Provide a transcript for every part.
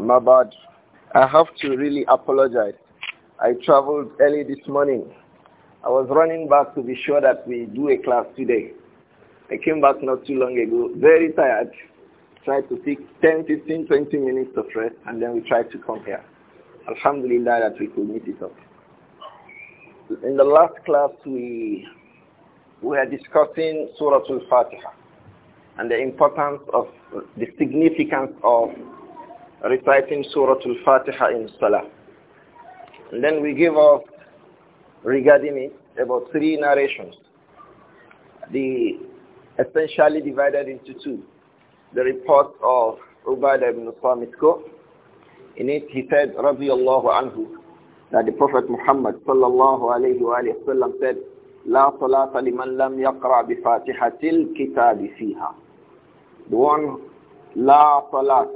My bad. I have to really apologize. I traveled early this morning. I was running back to be sure that we do a class today. I came back not too long ago, very tired. Tried to take 10, 15, 20 minutes of rest, and then we tried to come here. Alhamdulillah that we could meet it up. In the last class, we we discussing Surah Al-Fatiha and the importance of the significance of reciting Surah Al-Fatiha in Salah. And then we give off regarding it about three narrations. The essentially divided into two. The report of Ubadah ibn Samitko. In it he said, radiyallahu anhu, that the Prophet Muhammad sallallahu alayhi wa وسلم said, لا صلاة لمن لم يقرأ بفاتحة الكتاب فيها. The one, لا صلاة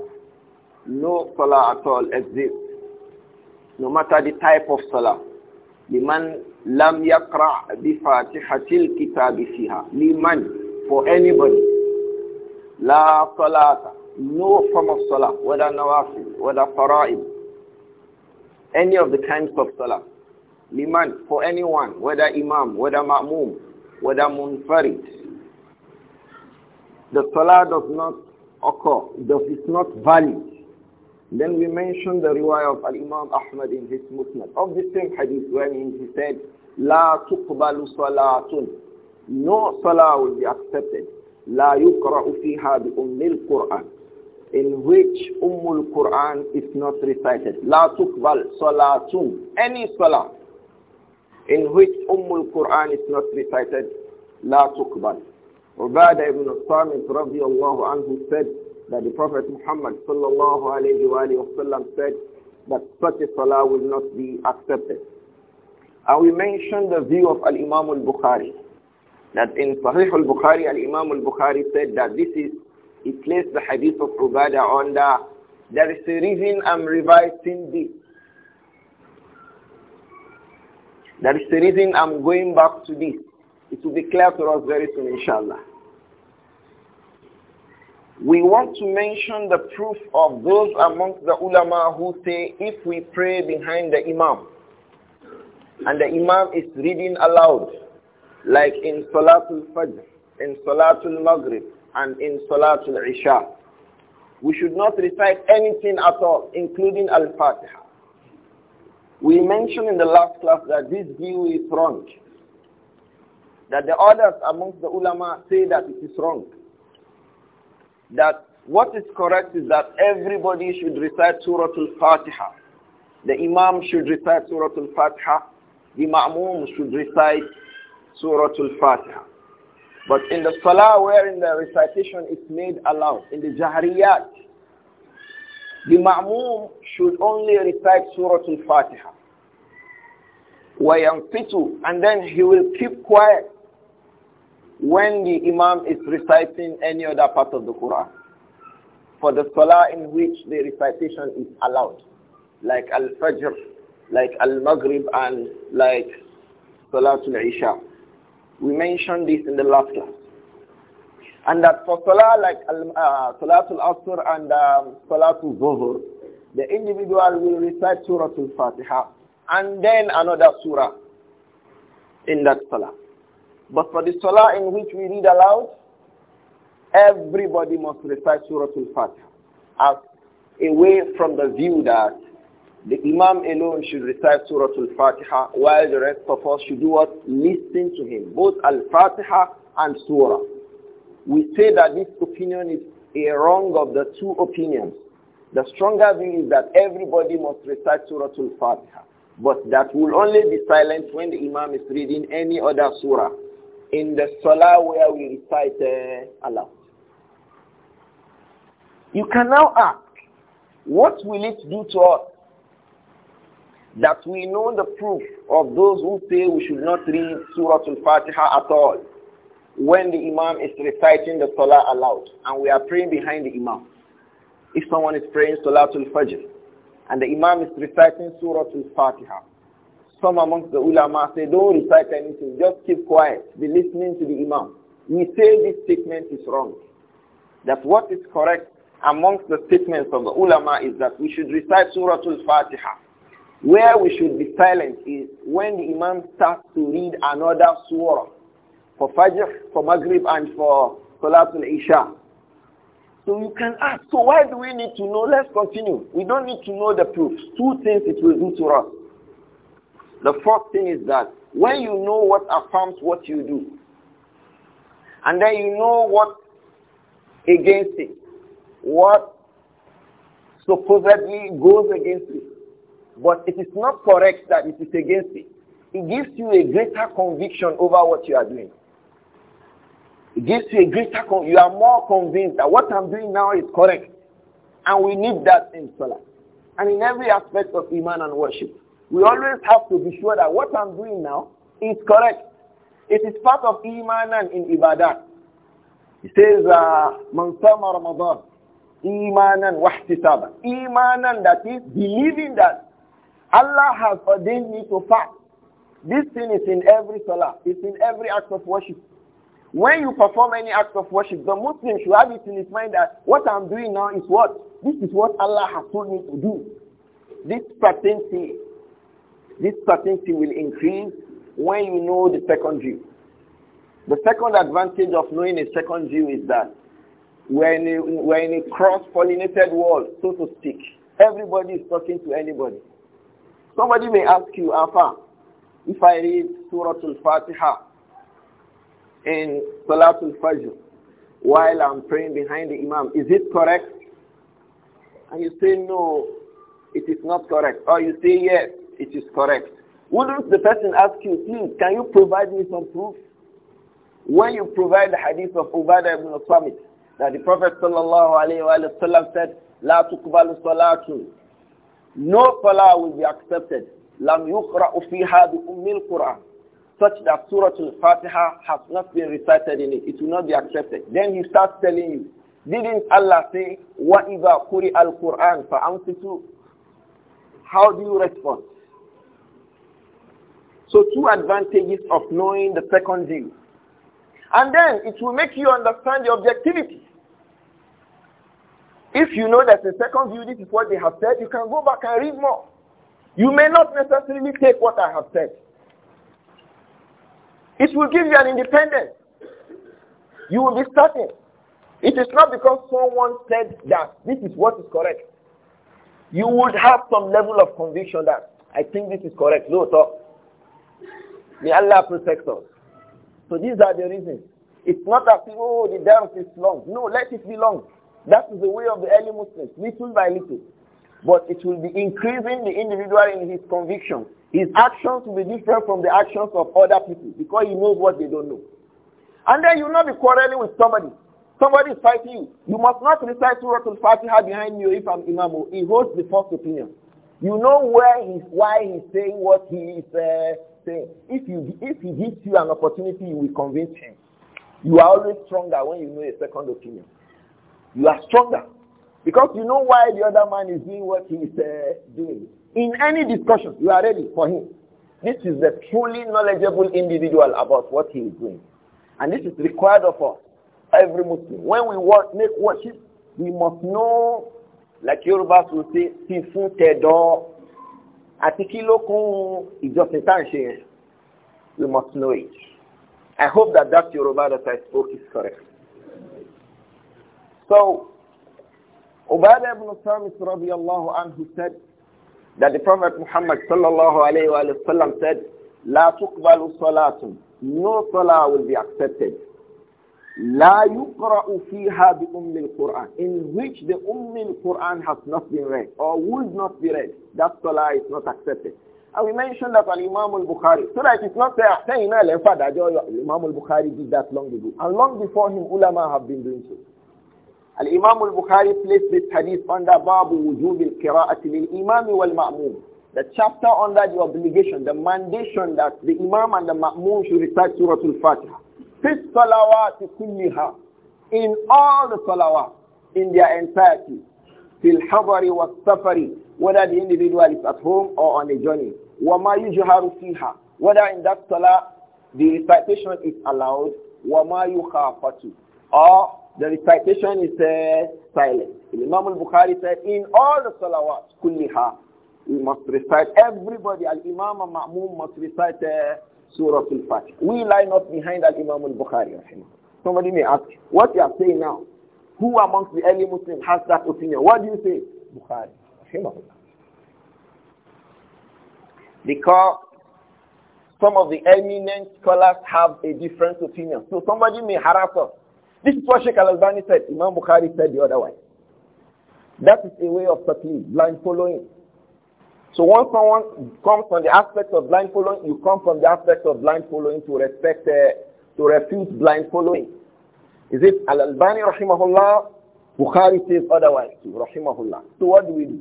no salah at all exists, no matter the type of salah. لمن لم يقرأ بفاتحة الكتاب فيها لمن for anybody لا صلاة no form of salah whether nawafil whether fara'id any of the kinds of salah liman for anyone whether imam whether ma'mum whether munfarid the salah does not occur does it not valid then we mentioned the riwayah of Al-Imam Ahmad in his Musnad of the same hadith when he said, La تقبل صلاةٌ, No salah will be accepted. La يُقرأ فيها بأمّ القرآن, In which ummul Qur'an is not recited. La تقبل صلاةٌ, Any salah in which ummul Qur'an is not recited. La tuqbal. Ubadah ibn Samit radiallahu anhu said, that the Prophet Muhammad sallallahu alayhi wa said that such a salah will not be accepted. And we mentioned the view of Al-Imam al-Bukhari, that in Sahih al-Bukhari, Al-Imam al-Bukhari said that this is, he placed the hadith of Ubadah under, there is a reason I'm revising this. There is a reason I'm going back to this. It will be clear to us very soon, inshallah. We want to mention the proof of those amongst the ulama who say if we pray behind the imam and the imam is reading aloud like in Salatul Fajr, in Salatul Maghrib and in Salatul Isha, we should not recite anything at all including Al-Fatiha. We mentioned in the last class that this view is wrong. That the others amongst the ulama say that it is wrong that what is correct is that everybody should recite Surah Al-Fatiha. The Imam should recite Surah Al-Fatiha. The Ma'mum should recite Surah Al-Fatiha. But in the Salah wherein the recitation is made aloud, in the Jahriyat, the Ma'mum should only recite Surah Al-Fatiha. وَيَنْفِتُ And then he will keep quiet when the imam is reciting any other part of the Quran. For the salah in which the recitation is allowed, like Al-Fajr, like Al-Maghrib, and like Salatul Isha. We mentioned this in the last class. And that for salah like uh, Salatul Asr and um, Salatul Zuhur, the individual will recite Surah Al-Fatiha and then another surah in that salah. But for the salah in which we read aloud, everybody must recite Surah Al-Fatiha as away from the view that the Imam alone should recite Surah Al-Fatiha while the rest of us should do what? Listen to him. Both Al-Fatiha and Surah. We say that this opinion is a wrong of the two opinions. The stronger view is that everybody must recite Surah Al-Fatiha. But that will only be silent when the Imam is reading any other Surah in the salah where we recite uh, Allah. You can now ask, what will it do to us that we know the proof of those who say we should not read Surah Al-Fatiha at all when the Imam is reciting the Salah aloud and we are praying behind the Imam. If someone is praying Salatul Fajr and the Imam is reciting Surah Al-Fatiha, some amongst the ulama say, don't recite anything, just keep quiet, be listening to the imam. We say this statement is wrong. That what is correct amongst the statements of the ulama is that we should recite Surah Al-Fatiha. Where we should be silent is when the imam starts to read another surah for Fajr, for Maghrib, and for Salatul Isha. So you can ask, so why do we need to know? Let's continue. We don't need to know the proofs. Two things it will do to us. The fourth thing is that when you know what affirms what you do, and then you know what against it, what supposedly goes against it, but it is not correct that it is against it. It gives you a greater conviction over what you are doing. It gives you a greater, con- you are more convinced that what I'm doing now is correct. And we need that in Salah. And in every aspect of Iman and worship. We always have to be sure that what I'm doing now is correct. It is part of Iman and in Ibadat. He says, uh, Man sama Ramadan, Imanan wahtisaban. Imanan, that is, believing that Allah has ordained me to fast. This thing is in every salah. It's in every act of worship. When you perform any act of worship, the Muslim should have it in his mind that what I'm doing now is what? This is what Allah has told me to do. This pertains to this certainty will increase when you know the second view. The second advantage of knowing a second view is that we're in a, we're in a cross-pollinated world, so to speak. Everybody is talking to anybody. Somebody may ask you, Alpha, if I read Surah Al-Fatiha in Salatul Fajr while I'm praying behind the Imam, is it correct? And you say, no, it is not correct. Or you say, yes, it is correct. Wouldn't the person ask you, please, can you provide me some proof? When you provide the hadith of Ubadah ibn Samit, that the Prophet sallallahu said, La تقبل salatu. No salah will be accepted. Lam yuqra'u fiha bi ummil Such that Surah Al-Fatiha has not been recited in it. It will not be accepted. Then he starts telling you, didn't Allah say, Wa قُرِيَ الْقُرْآنَ al How do you respond? So two advantages of knowing the second view. And then it will make you understand the objectivity. If you know that the second view, this is what they have said, you can go back and read more. You may not necessarily take what I have said. It will give you an independence. You will be certain. It is not because someone said that this is what is correct. You would have some level of conviction that I think this is correct. No, so May Allah protect us. So these are the reasons. It's not that, oh, the dance is long. No, let it be long. That is the way of the early Muslims, little by little. But it will be increasing the individual in his conviction. His actions will be different from the actions of other people because he knows what they don't know. And then you'll not be quarreling with somebody. Somebody is fighting you. You must not recite Surah Al-Fatiha behind you if I'm Imam. He holds the first opinion. You know where he's, why he's saying what he is uh, if you if he gives you an opportunity, you will convince him. You are always stronger when you know a second opinion. You are stronger because you know why the other man is doing what he is uh, doing. In any discussion, you are ready for him. This is a truly knowledgeable individual about what he is doing, and this is required of us, every Muslim. When we work, make worship, we must know, like Yorubas will say, àti kí ló kún ìjọsìn tá à ń ṣe yẹn you must know it i hope that that yoruba that i spoke is correct so Ubadah ibn Samit radiyallahu anhu said that the Prophet Muhammad sallallahu alayhi wa sallam said, La tuqbalu salatun. No salah will be accepted. لا يقرأ فيها بأم القرآن in which the أم umm القرآن has not been read or would not be read that salah is not accepted and we mentioned that on Imam al Bukhari so that it's not there saying al Imam al Bukhari did that long ago and long before him ulama have been doing so al Imam al Bukhari placed this hadith under babu wujub al imam wal ma'mum the chapter under the obligation the mandation that the imam and the ma'mum should recite surah al Fatiha this salawat kulliha, in all the salawat, in their entirety, fil habari was safari, whether the individual is at home or on a journey, wa ma yujharu fiha, whether in that salah the recitation is allowed, wa ma yukhafatu, or the recitation is uh, silent. Imam al-Bukhari said, in all the salawat kulliha, we must recite, everybody, al-imam al-ma'mum must recite uh, Surah al fatih We lie not behind Al-Imam Al-Bukhari. Somebody may ask, what you are saying now? Who amongst the early Muslims has that opinion? What do you say? Bukhari. Because some of the eminent scholars have a different opinion. So somebody may harass us. This is what Sheikh Al-Albani said. Imam Bukhari said the other way. That is a way of subtly blind following. So once someone comes from the aspect of blind following, you come from the aspect of blind following to respect, uh, to refute blind following. Is it Al-Albani rahimahullah? Bukhari says otherwise rahimahullah. So what do we do?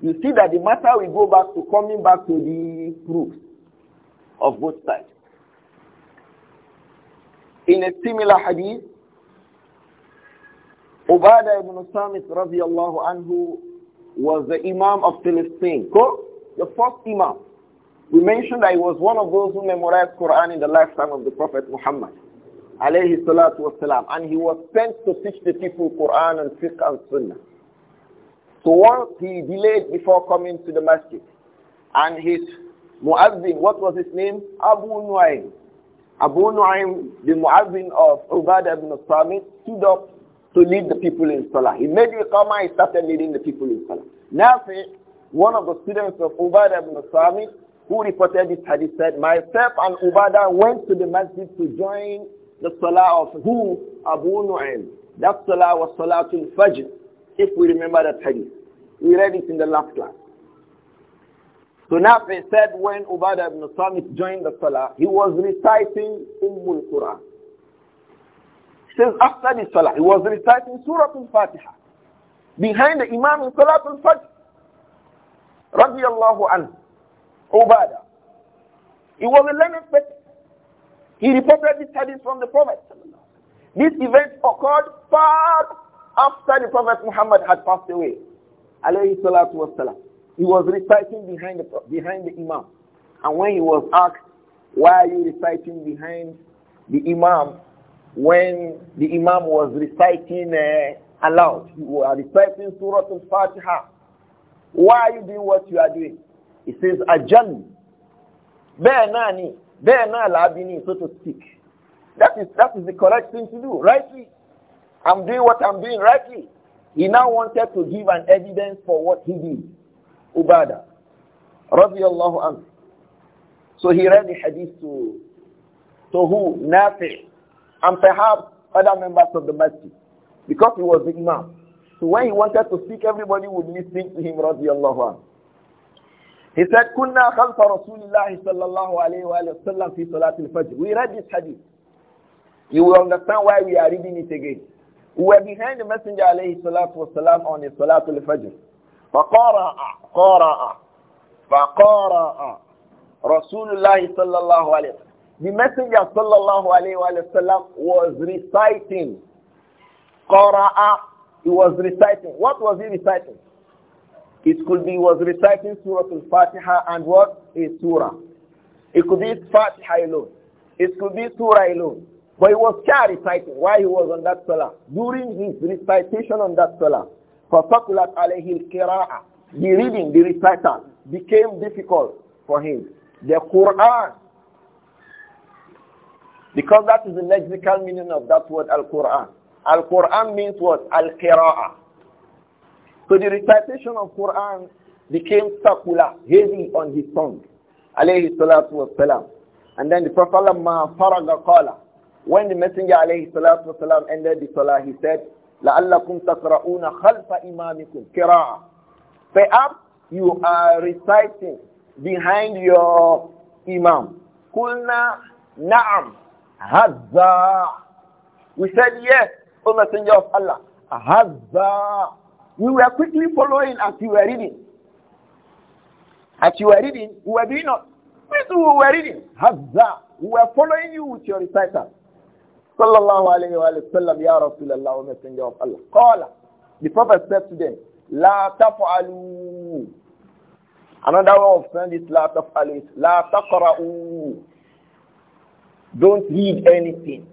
You see that the matter will go back to coming back to the proofs of both sides. In a similar hadith, Ubadah ibn Samit radiallahu anhu was the Imam of Palestine. Go. The first Imam, we mentioned that he was one of those who memorized Quran in the lifetime of the Prophet Muhammad alayhi salatu wasalam. And he was sent to teach the people Quran and fiqh and sunnah. So once he delayed before coming to the masjid. And his muazzin, what was his name? Abu Nuaym. Abu Nuaym, the muazzin of Ubadah ibn Samit, stood up to lead the people in salah. He made the comma, he started leading the people in salah. Nafi one of the students of Ubadah ibn Sami, who reported this hadith, said, Myself and Ubadah went to the masjid to join the salah of who? Abu Nu'aym. That salah was salatul fajr, if we remember that hadith. We read it in the last class. So Nafi said when Ubadah ibn Samit joined the salah, he was reciting Ummul Quran. He says after the salah, he was reciting Surah Al-Fatiha. Behind the Imam in salah Al-Fajr radiallahu anhu, Ubadah. He was a learned person. He reported this hadith from the Prophet. This event occurred far after the Prophet Muhammad had passed away. Alayhi salatu wasalam. He was reciting behind the, behind the Imam. And when he was asked, why are you reciting behind the Imam? When the Imam was reciting uh, aloud, he was reciting Surah Al-Fatiha. Why are you doing what you are doing? He says ajal. Bẹ́ẹ̀ náà so to speak. That is, that is the correct thing to do, rightly. I'm doing what I'm doing rightly. He now wanted to give an evidence for what he did. Ubada. Radiallahu anhu. So he read the hadith to, to who? Nafi. And perhaps other members of the masjid. Because he was the imam. So when he wanted to speak, everybody would listen to him, radiallahu He said, كنا خلف رسول الله صلى الله عليه وآله وسلم في صلاة الفجر. We read this hadith. You will understand why we are reading it again. We were behind the Messenger عليه الصلاة والسلام on the Salat al-Fajr. فقرأ قرأ فقرأ رسول الله صلى الله عليه وسلم. The Messenger صلى الله عليه وآله وسلم was reciting قرأ he was reciting. What was he reciting? It could be he was reciting Surah Al-Fatiha and what? A Surah. It could be Fatiha alone. It could be Surah alone. But he was still reciting while he was on that Salah. During his recitation on that Salah, فَتَقُلَتْ عَلَيْهِ الْكِرَاءَ The reading, the recital became difficult for him. The Quran because that is the lexical meaning of that word Al-Quran. Al-Quran means what? Al-Qira'ah. So the recitation of Quran became sakula, heavy on his tongue. Alayhi salatu wasalam. And then the Prophet ma faraga qala. When the Messenger alayhi salatu wasalam ended the salah, he said, لَعَلَّكُمْ تَقْرَؤُونَ خَلْفَ إِمَامِكُمْ قِرَاءً Perhaps you are reciting behind your imam. قُلْنَا نَعَمْ هَذَا We said yes. O Messenger of Allah, Hadza. We were quickly following as you were reading. As you were reading, we were doing not. We were reading. Hadza. We were following you with your recital. Sallallahu alayhi wa sallam, Ya Rasulallah, O Messenger of Allah. Qala. The Prophet said to them, La taf'alu. Another way of saying this, La taf'alu is La taqra'u. Don't read anything.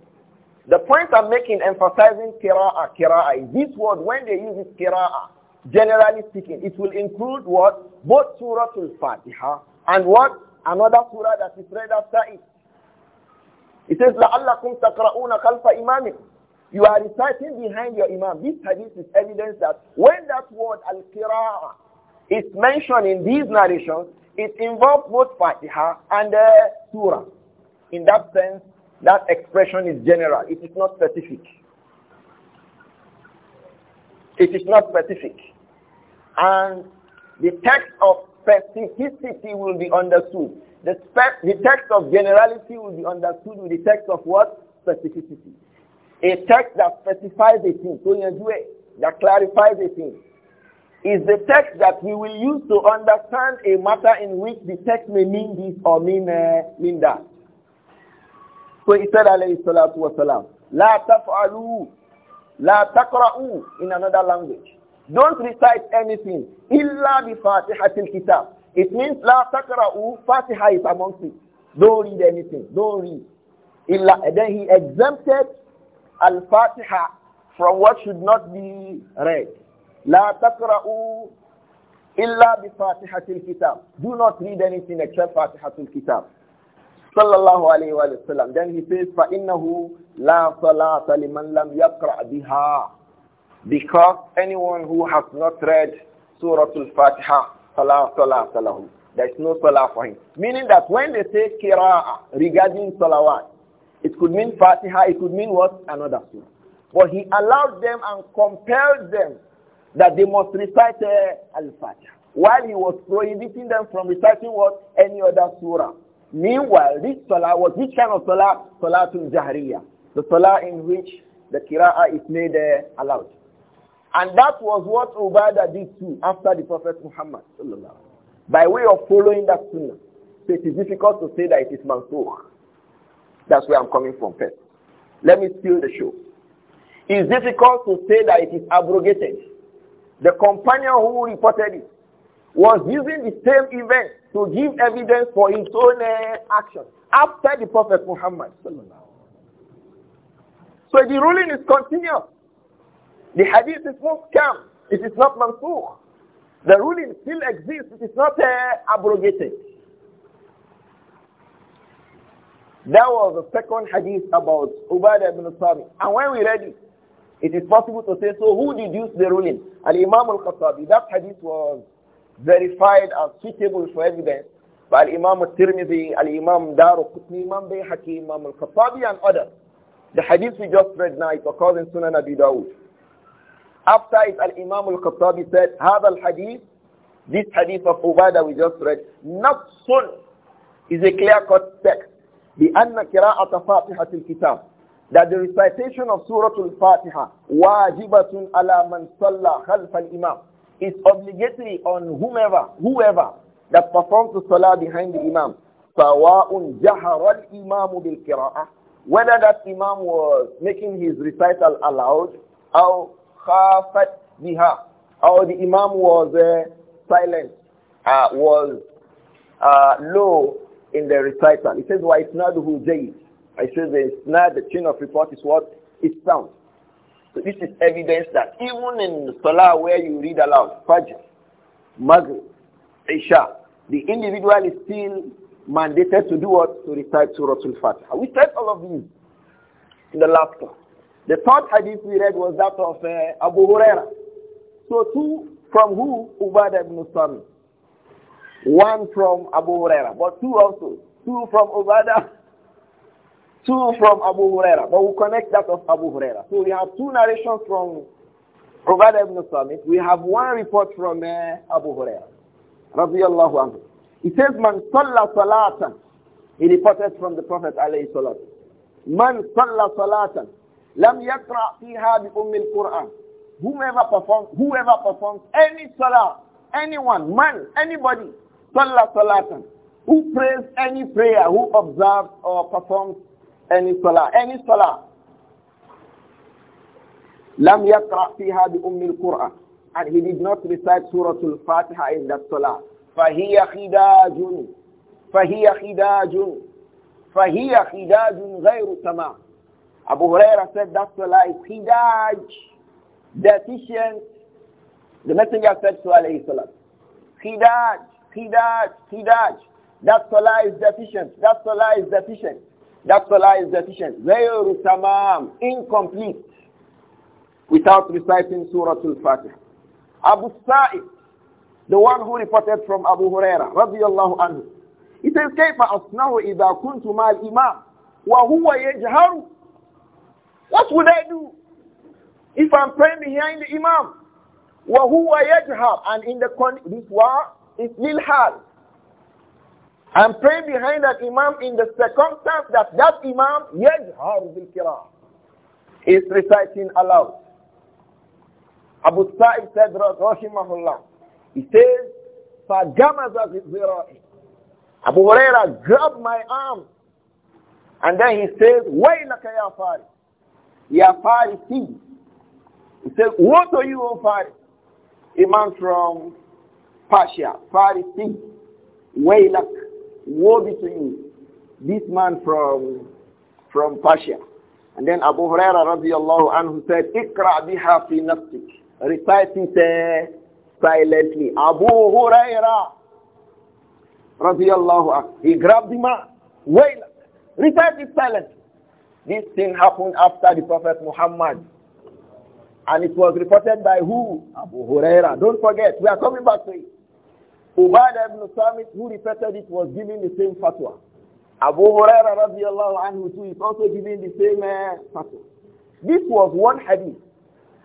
The point I'm making emphasizing kira'a, kira'a, this word, when they use it kira'a, generally speaking, it will include what? Both Surah al-Fatiha and what? Another surah that is read after it. It says, لَعَلَّكُمْ تَقْرَؤُونَ خَلْفَ إِمَامِكُمْ You are reciting behind your imam. This hadith is evidence that when that word al-qira'a is mentioned in these narrations, it involves both Fatiha and the uh, surah. In that sense, that expression is general. It is not specific. It is not specific. And the text of specificity will be understood. The, the text of generality will be understood with the text of what? Specificity. A text that specifies a thing, so that clarifies a thing, is the text that we will use to understand a matter in which the text may mean this or mean, uh, mean that. So he said, alayhi salatu wasalam, La taf'alu, la taqra'u, in another language. Don't recite anything. Illa bi fatihatil kitab. It means la taqra'u, fatiha is amongst it. Don't read anything. Don't read. Illa, and then he exempted al-fatiha from what should not be read. La taqra'u illa bi fatihatil kitab. Do not read anything except fatihatul kitab sallallahu alayhi wa sallam. Then he says, فَإِنَّهُ لَا صَلَاةَ لِمَنْ لَمْ yaqra بِهَا Because anyone who has not read Surah Al-Fatiha, صَلَاةَ صَلَاةَ لَهُ There is no salah for him. Meaning that when they say kira regarding salawat, it could mean Fatiha, it could mean what? Another surah. But he allowed them and compelled them that they must recite uh, Al-Fatiha while he was prohibiting them from reciting what? Any other surah. Meanwhile, this salah was this kind of salah? Salatul Jahriyah. The salah in which the kira'ah is made uh, allowed. And that was what Ubadah did too after the Prophet Muhammad by way of following that sunnah. So it is difficult to say that it is mansukh. That's where I'm coming from first. Let me steal the show. It is difficult to say that it is abrogated. The companion who reported it was using the same event to give evidence for his own uh, action after the Prophet Muhammad. So the ruling is continuous. The hadith is not scam. It is not mansukh. The ruling still exists. It is not uh, abrogated. That was the second hadith about Ubadah ibn Sami. And when we read it, it is possible to say, so who deduced the ruling? Al-Imam al-Qasabi. That hadith was verified as suitable for evidence by Imam al-Tirmidhi, Al-Imam Daru Qutni, Imam Bayhaqi, Imam al-Khattabi and others. The hadith we just read now, it occurs in Sunan Abi Dawud. After it, Al-Imam al-Khattabi said, al Hadith, this hadith of Ubadah we just read, not sun is a clear-cut text. بأن al فاتحة Kitab, that the recitation of Surah Al-Fatiha wajibatun ala man salla khalf al-imam is obligatory on whomever, whoever that performs the salah behind the imam. سواء جهر الإمام بالقراءة whether that imam was making his recital aloud or khafat biha or the imam was uh, silent uh, was uh, low in the recital it says wa isnaduhu jayyid i says the isnad the chain of report is what is sound so this is evidence that even in Salah where you read aloud, Fajr, Maghrib, Isha, the individual is still mandated to do what? To recite Surah Al-Fatiha. We said all of these in the last class. The third hadith we read was that of uh, Abu Huraira. So two from who? Ubadah ibn Sami. One from Abu Huraira, but two also. Two from Ubadah Two from Abu Huraira, but we connect that of Abu Huraira. So we have two narrations from Ubadah ibn Samit. We have one report from uh, Abu Huraira. Radiallahu anhu. It says, Man salat salatan. He reported from the Prophet alayhi salatu. Man salla salatan. Lam yakra fiha bi ummil Qur'an. performs, whoever performs any salah, anyone, man, anybody, salat salatan. Who prays any prayer, who observes or performs any salah, any salah. لم يقرأ فيها أم القرآن and he did not recite سورة الفاتحة in that صلاة فهي خداج فهي خداج فهي خداج غير تمام أبو هريرة said that صلاة is خداج deficient the messenger said to عليه الصلاة خداج خداج خداج that صلاة is deficient that صلاة is deficient That salah is deficient. غَيْرُ tamam, incomplete, without reciting Surah Al-Fatiha. Abu Sa'id, the one who reported from Abu Huraira, radiyallahu anhu, he says, كَيْفَ أَصْنَهُ إِذَا كُنْتُ مَا الْإِمَامِ وَهُوَ يَجْهَرُ What would I do if I'm praying behind the Imam? وَهُوَ يَجْهَرُ And in the condition, this wa is lil hal and pray behind that imam in the circumstance that that imam yes bil is reciting aloud. Abu Saif said, Rahimahullah, he says, فَجَمَزَ بِالْذِرَاءِ Abu Huraira grabbed my arm and then he says, وَيْلَكَ يَا فَارِ يَا فَارِسِي He says, "What are you, O fari?" Imam from Persia, Farisi, وَيْلَكَ woe between this man from from Persia. And then Abu Huraira radiallahu anhu said, Ikra biha fi nafsik. Recite it uh, silently. Abu Huraira radiallahu anhu. He grabbed the man. Wait, recite it silently. This thing happened after the Prophet Muhammad. And it was reported by who? Abu Huraira. Don't forget, we are coming back to it. Ubadah ibn Samit, who repeated it, was giving the same fatwa. Abu Huraira radiallahu anhu too is also giving the same uh, fatwa. This was one hadith.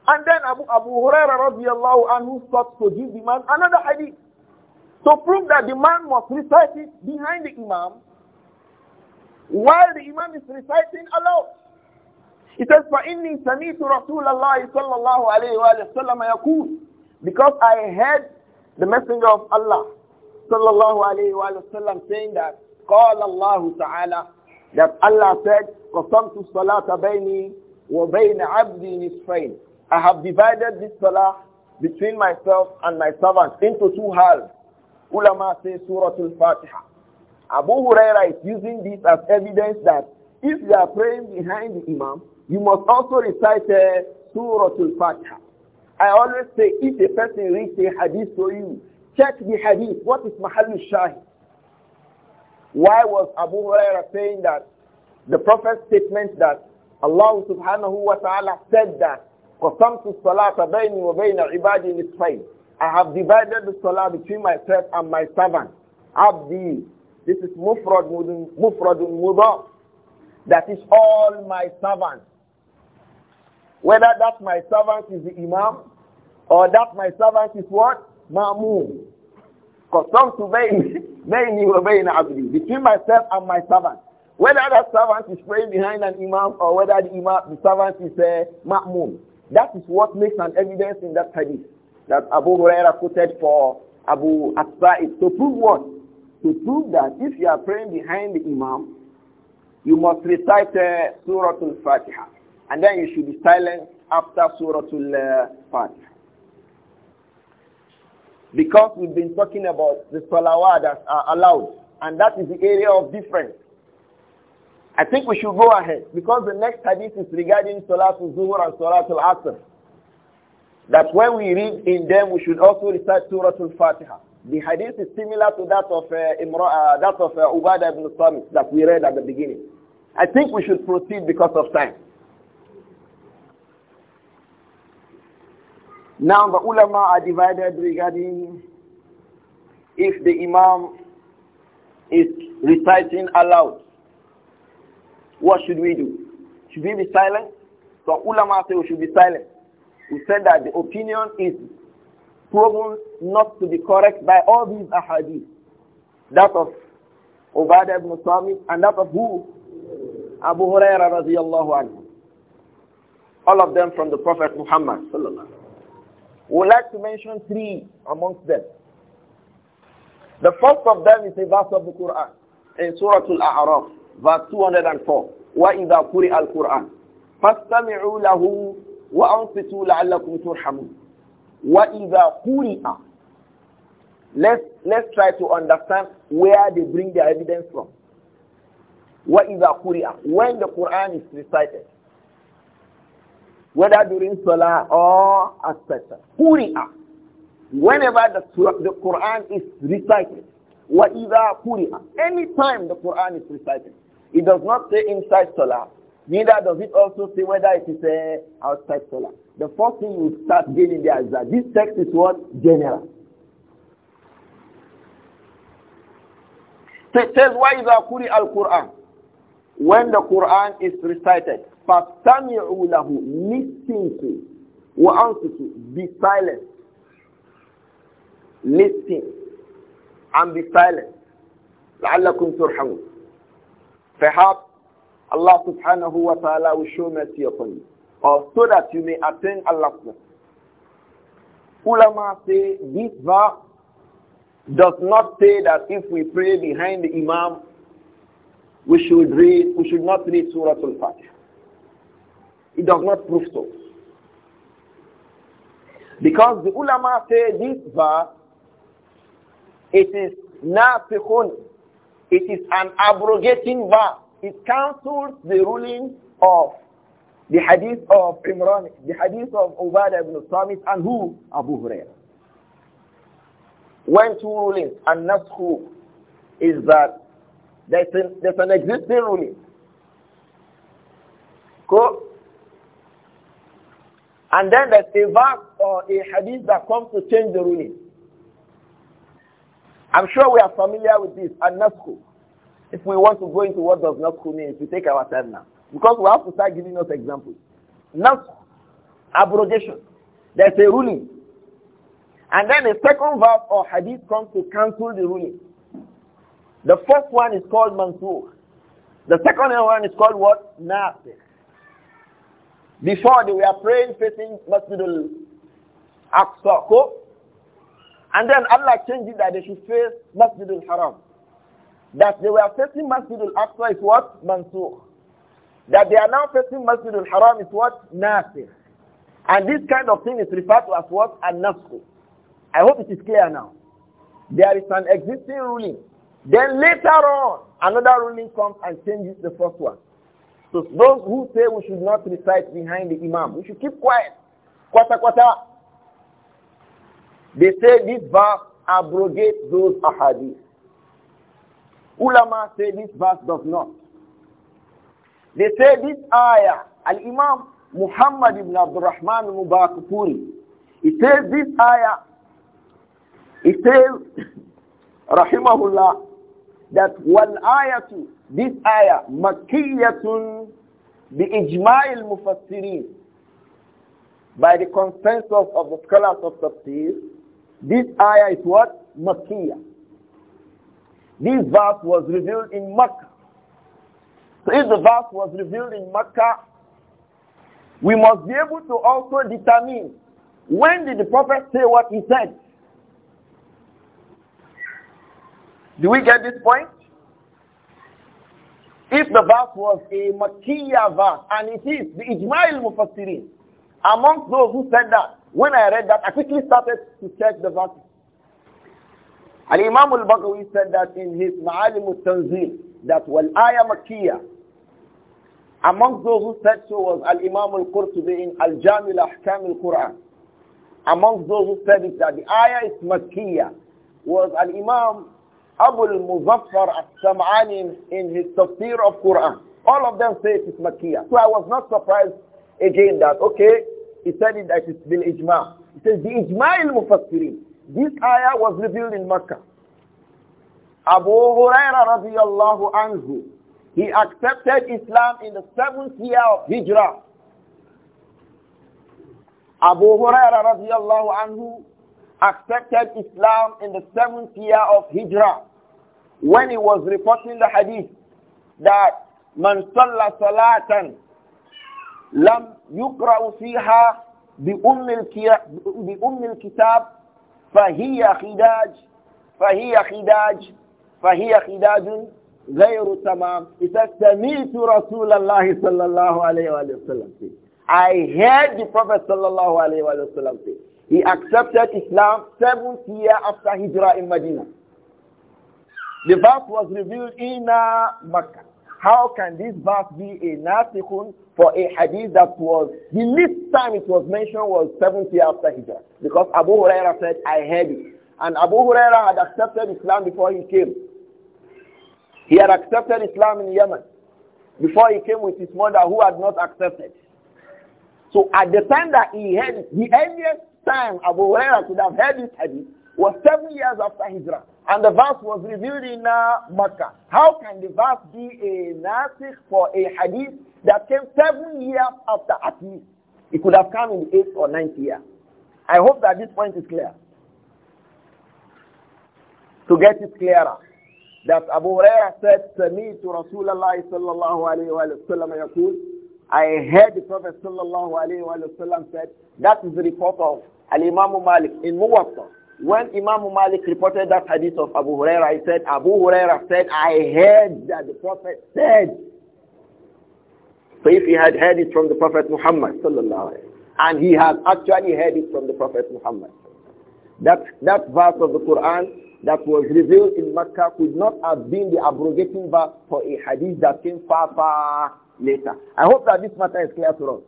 And then Abu, Abu Huraira radiallahu anhu stopped to give the man another hadith. To prove that the man must recite it behind the imam while the imam is reciting aloud. He says, فَإِنِّي سَمِيتُ رَسُولَ اللَّهِ صَلَّى اللَّهُ عَلَيْهِ وَآلِهِ وَسَلَّمَ يَقُولُ Because I heard the Messenger of Allah sallallahu alayhi wa sallam saying that قال الله تعالى that Allah said قسمت الصلاة بيني وبين عبدي نصفين I have divided this salah between myself and my servant into two halves ulama say surah al-fatiha Abu Huraira is using this as evidence that if you are praying behind the imam you must also recite uh, surah al-fatiha I always say, if a person reads a hadith to you, check the hadith. What is Mahal Shahid? Why was Abu Huraira saying that? The Prophet's statement that Allah subhanahu wa ta'ala said that, قَسَمْتُ الصَّلَاةَ بَيْنِي وَبَيْنَ عِبَادِي نِصْفَيْنِ I have divided the salah between myself and my servant. Abdi. This is mufrad mudun, mufradun mudaf. That is all my servants. Whether that my servant is the imam or that my servant is what? Ma'mun. Qassamtu bayni wa bayna abdi. Between myself and my servant. Whether that servant is praying behind an imam or whether the, imam, the servant is a uh, ma'mun. That is what makes an evidence in that hadith that Abu Huraira quoted for Abu Asa'id. To prove what? To prove that if you are praying behind the imam, you must recite uh, Surah Al-Fatiha. And then you should be silent after Surah uh, Al-Fatiha. Because we've been talking about the salawat that are allowed. And that is the area of difference. I think we should go ahead because the next hadith is regarding Salatul Zuhur and Salatul Asr. That when we read in them, we should also recite Surah Al-Fatiha. The hadith is similar to that of uh, Imra, uh, that of uh, Ubadah ibn Samit that we read at the beginning. I think we should proceed because of time. Now the ulama are divided regarding if the imam is reciting aloud. What should we do? Should we be silent? So ulama say we should be silent. We said that the opinion is proven not to be correct by all these ahadith. That of Ubadah ibn Samit and that of who? Abu Hurairah radiallahu anhu. All of them from the Prophet Muhammad sallallahu would like to mention three amongst them. The first of them is a verse of the Quran in Surah Al-A'raf, verse 204. وَإِذَا قُرِئَ الْقُرْآنُ فَاسْتَمِعُوا لَهُ وَأَنْصِتُوا لَعَلَّكُمْ تُرْحَمُونَ وَإِذَا قُرِئَ Let's, let's try to understand where they bring their evidence from. وَإِذَا قُرِئَ When the Quran is recited whether during Salah or etc. Quri'ah. Whenever the, the Quran is recited, وَإِذَا قُرِئَ Any time the Quran is recited, it does not say inside Salah, neither does it also say whether it is uh, outside Salah. The first thing you start getting there is that this text is what? General. So it says, وَإِذَا al Quran. When the Quran is recited, فَاسْتَمِعُوا لَهُ Listen to to Be silent. Listen and be silent. لَعَلَّكُمْ تُرْحَمُونَ Perhaps Allah subhanahu wa ta'ala will show mercy upon you or so that you may attain Allah's mercy. Ulama say this verse does not say that if we pray behind the Imam we should read, we should not read Surah Al-Fatiha. It does not prove so. Because the ulama say this verse, it is nafikhun, it is an abrogating verse. It cancels the ruling of the hadith of Imran, the hadith of Ubadah ibn Samit and who? Abu Hurairah. When two rulings, and naskhu is that there's an, there's an existing ruling. cool. And then there's a verse or a hadith that comes to change the ruling. I'm sure we are familiar with this. And Nasku. If we want to go into what does Nasku mean, we take our time now. Because we have to start giving us examples. Nasku. Abrogation. There's a ruling. And then a second verse or hadith comes to cancel the ruling. The first one is called mansoor. The second one is called what? Nasikh. Before they were praying facing Masjidul Aqsa. And then Allah changed it that they should face Masjidul Haram. That they were facing Masjidul Aqsa is what? mansoor. That they are now facing Masjidul Haram is what? Nasikh. And this kind of thing is referred to as what? an I hope it is clear now. There is an existing ruling then later on, another ruling comes and changes the first one. So those who say we should not recite behind the imam, we should keep quiet. Quata quata. They say this verse abrogates those ahadith. Ulama say this verse does not. They say this ayah, Al-Imam Muhammad ibn Abdul Rahman Mubarak he says this ayah, he says, Rahimahullah, that wal ayatu this ayah makkiyatun bi ijma'il mufassirin by the consensus of the scholars of tafsir this ayah is what makkiyah this verse was revealed in Mecca so if the verse was revealed in Mecca we must be able to also determine when did the prophet say what he said Do we get this point? If the verse was a Makkiyah verse, and it is, the Ijma'il Mufassirin, amongst those who said that, when I read that, I quickly started to check the verse. And Imam al-Baghawi said that in his Ma'alim al-Tanzil, that wal-ayah Makkiyah, amongst those who said so was Al-Imam al-Qurtubi in Al-Jamil Ahkam al-Qur'an. Amongst those who said it, that the ayah is Makkiyah, was Al-Imam Abu al-Muzaffar al-Sam'ani in his tafsir of Quran. All of them say it is Makkiyah. So I was not surprised again that, okay, he said it that it's bil ijma. He says, the ijma al-mufassirin. This ayah was revealed in Makkah. Abu Huraira radiallahu anhu, he accepted Islam in the seventh year of Hijrah. Abu Huraira radiallahu anhu accepted Islam in the seventh year of Hijrah when he was reporting the hadith that man salla salatan lam yukra'u fiha bi umm al-kitab fahiya khidaj fahiya khidaj fahiya khidajun غير تمام إذا سمعت رسول الله صلى الله عليه وسلم I heard the Prophet صلى الله عليه وسلم say he accepted Islam seventh year after Hijrah in Medina. The verse was revealed in uh, Makkah. How can this verse be a nasikhun for a hadith that was, the least time it was mentioned was seventh year after Hijrah? Because Abu Huraira said, I heard it. And Abu Huraira had accepted Islam before he came. He had accepted Islam in Yemen before he came with his mother who had not accepted. So at the time that he heard the earliest time Abu Huraira could have heard this hadith was seven years after Hijrah. And the verse was revealed in uh, Makkah. How can the verse be a nasikh for a hadith that came seven years after at least? It could have come in the eighth or ninth year. I hope that this point is clear. To get it clearer, that Abu Huraira said, to me to Rasulullah sallallahu alayhi wa sallam, I heard the Prophet sallallahu alayhi wa sallam said, that is the report of Al-Imam Malik in Muwatta. When Imam Malik reported that hadith of Abu Huraira, he said, Abu Huraira said, I heard that the Prophet said. So if he had heard it from the Prophet Muhammad sallallahu alayhi and he has actually heard it from the Prophet Muhammad. That, that verse of the Quran that was revealed in Mecca could not have been the abrogating verse for a hadith that came far, far later. I hope that this matter is clear to us.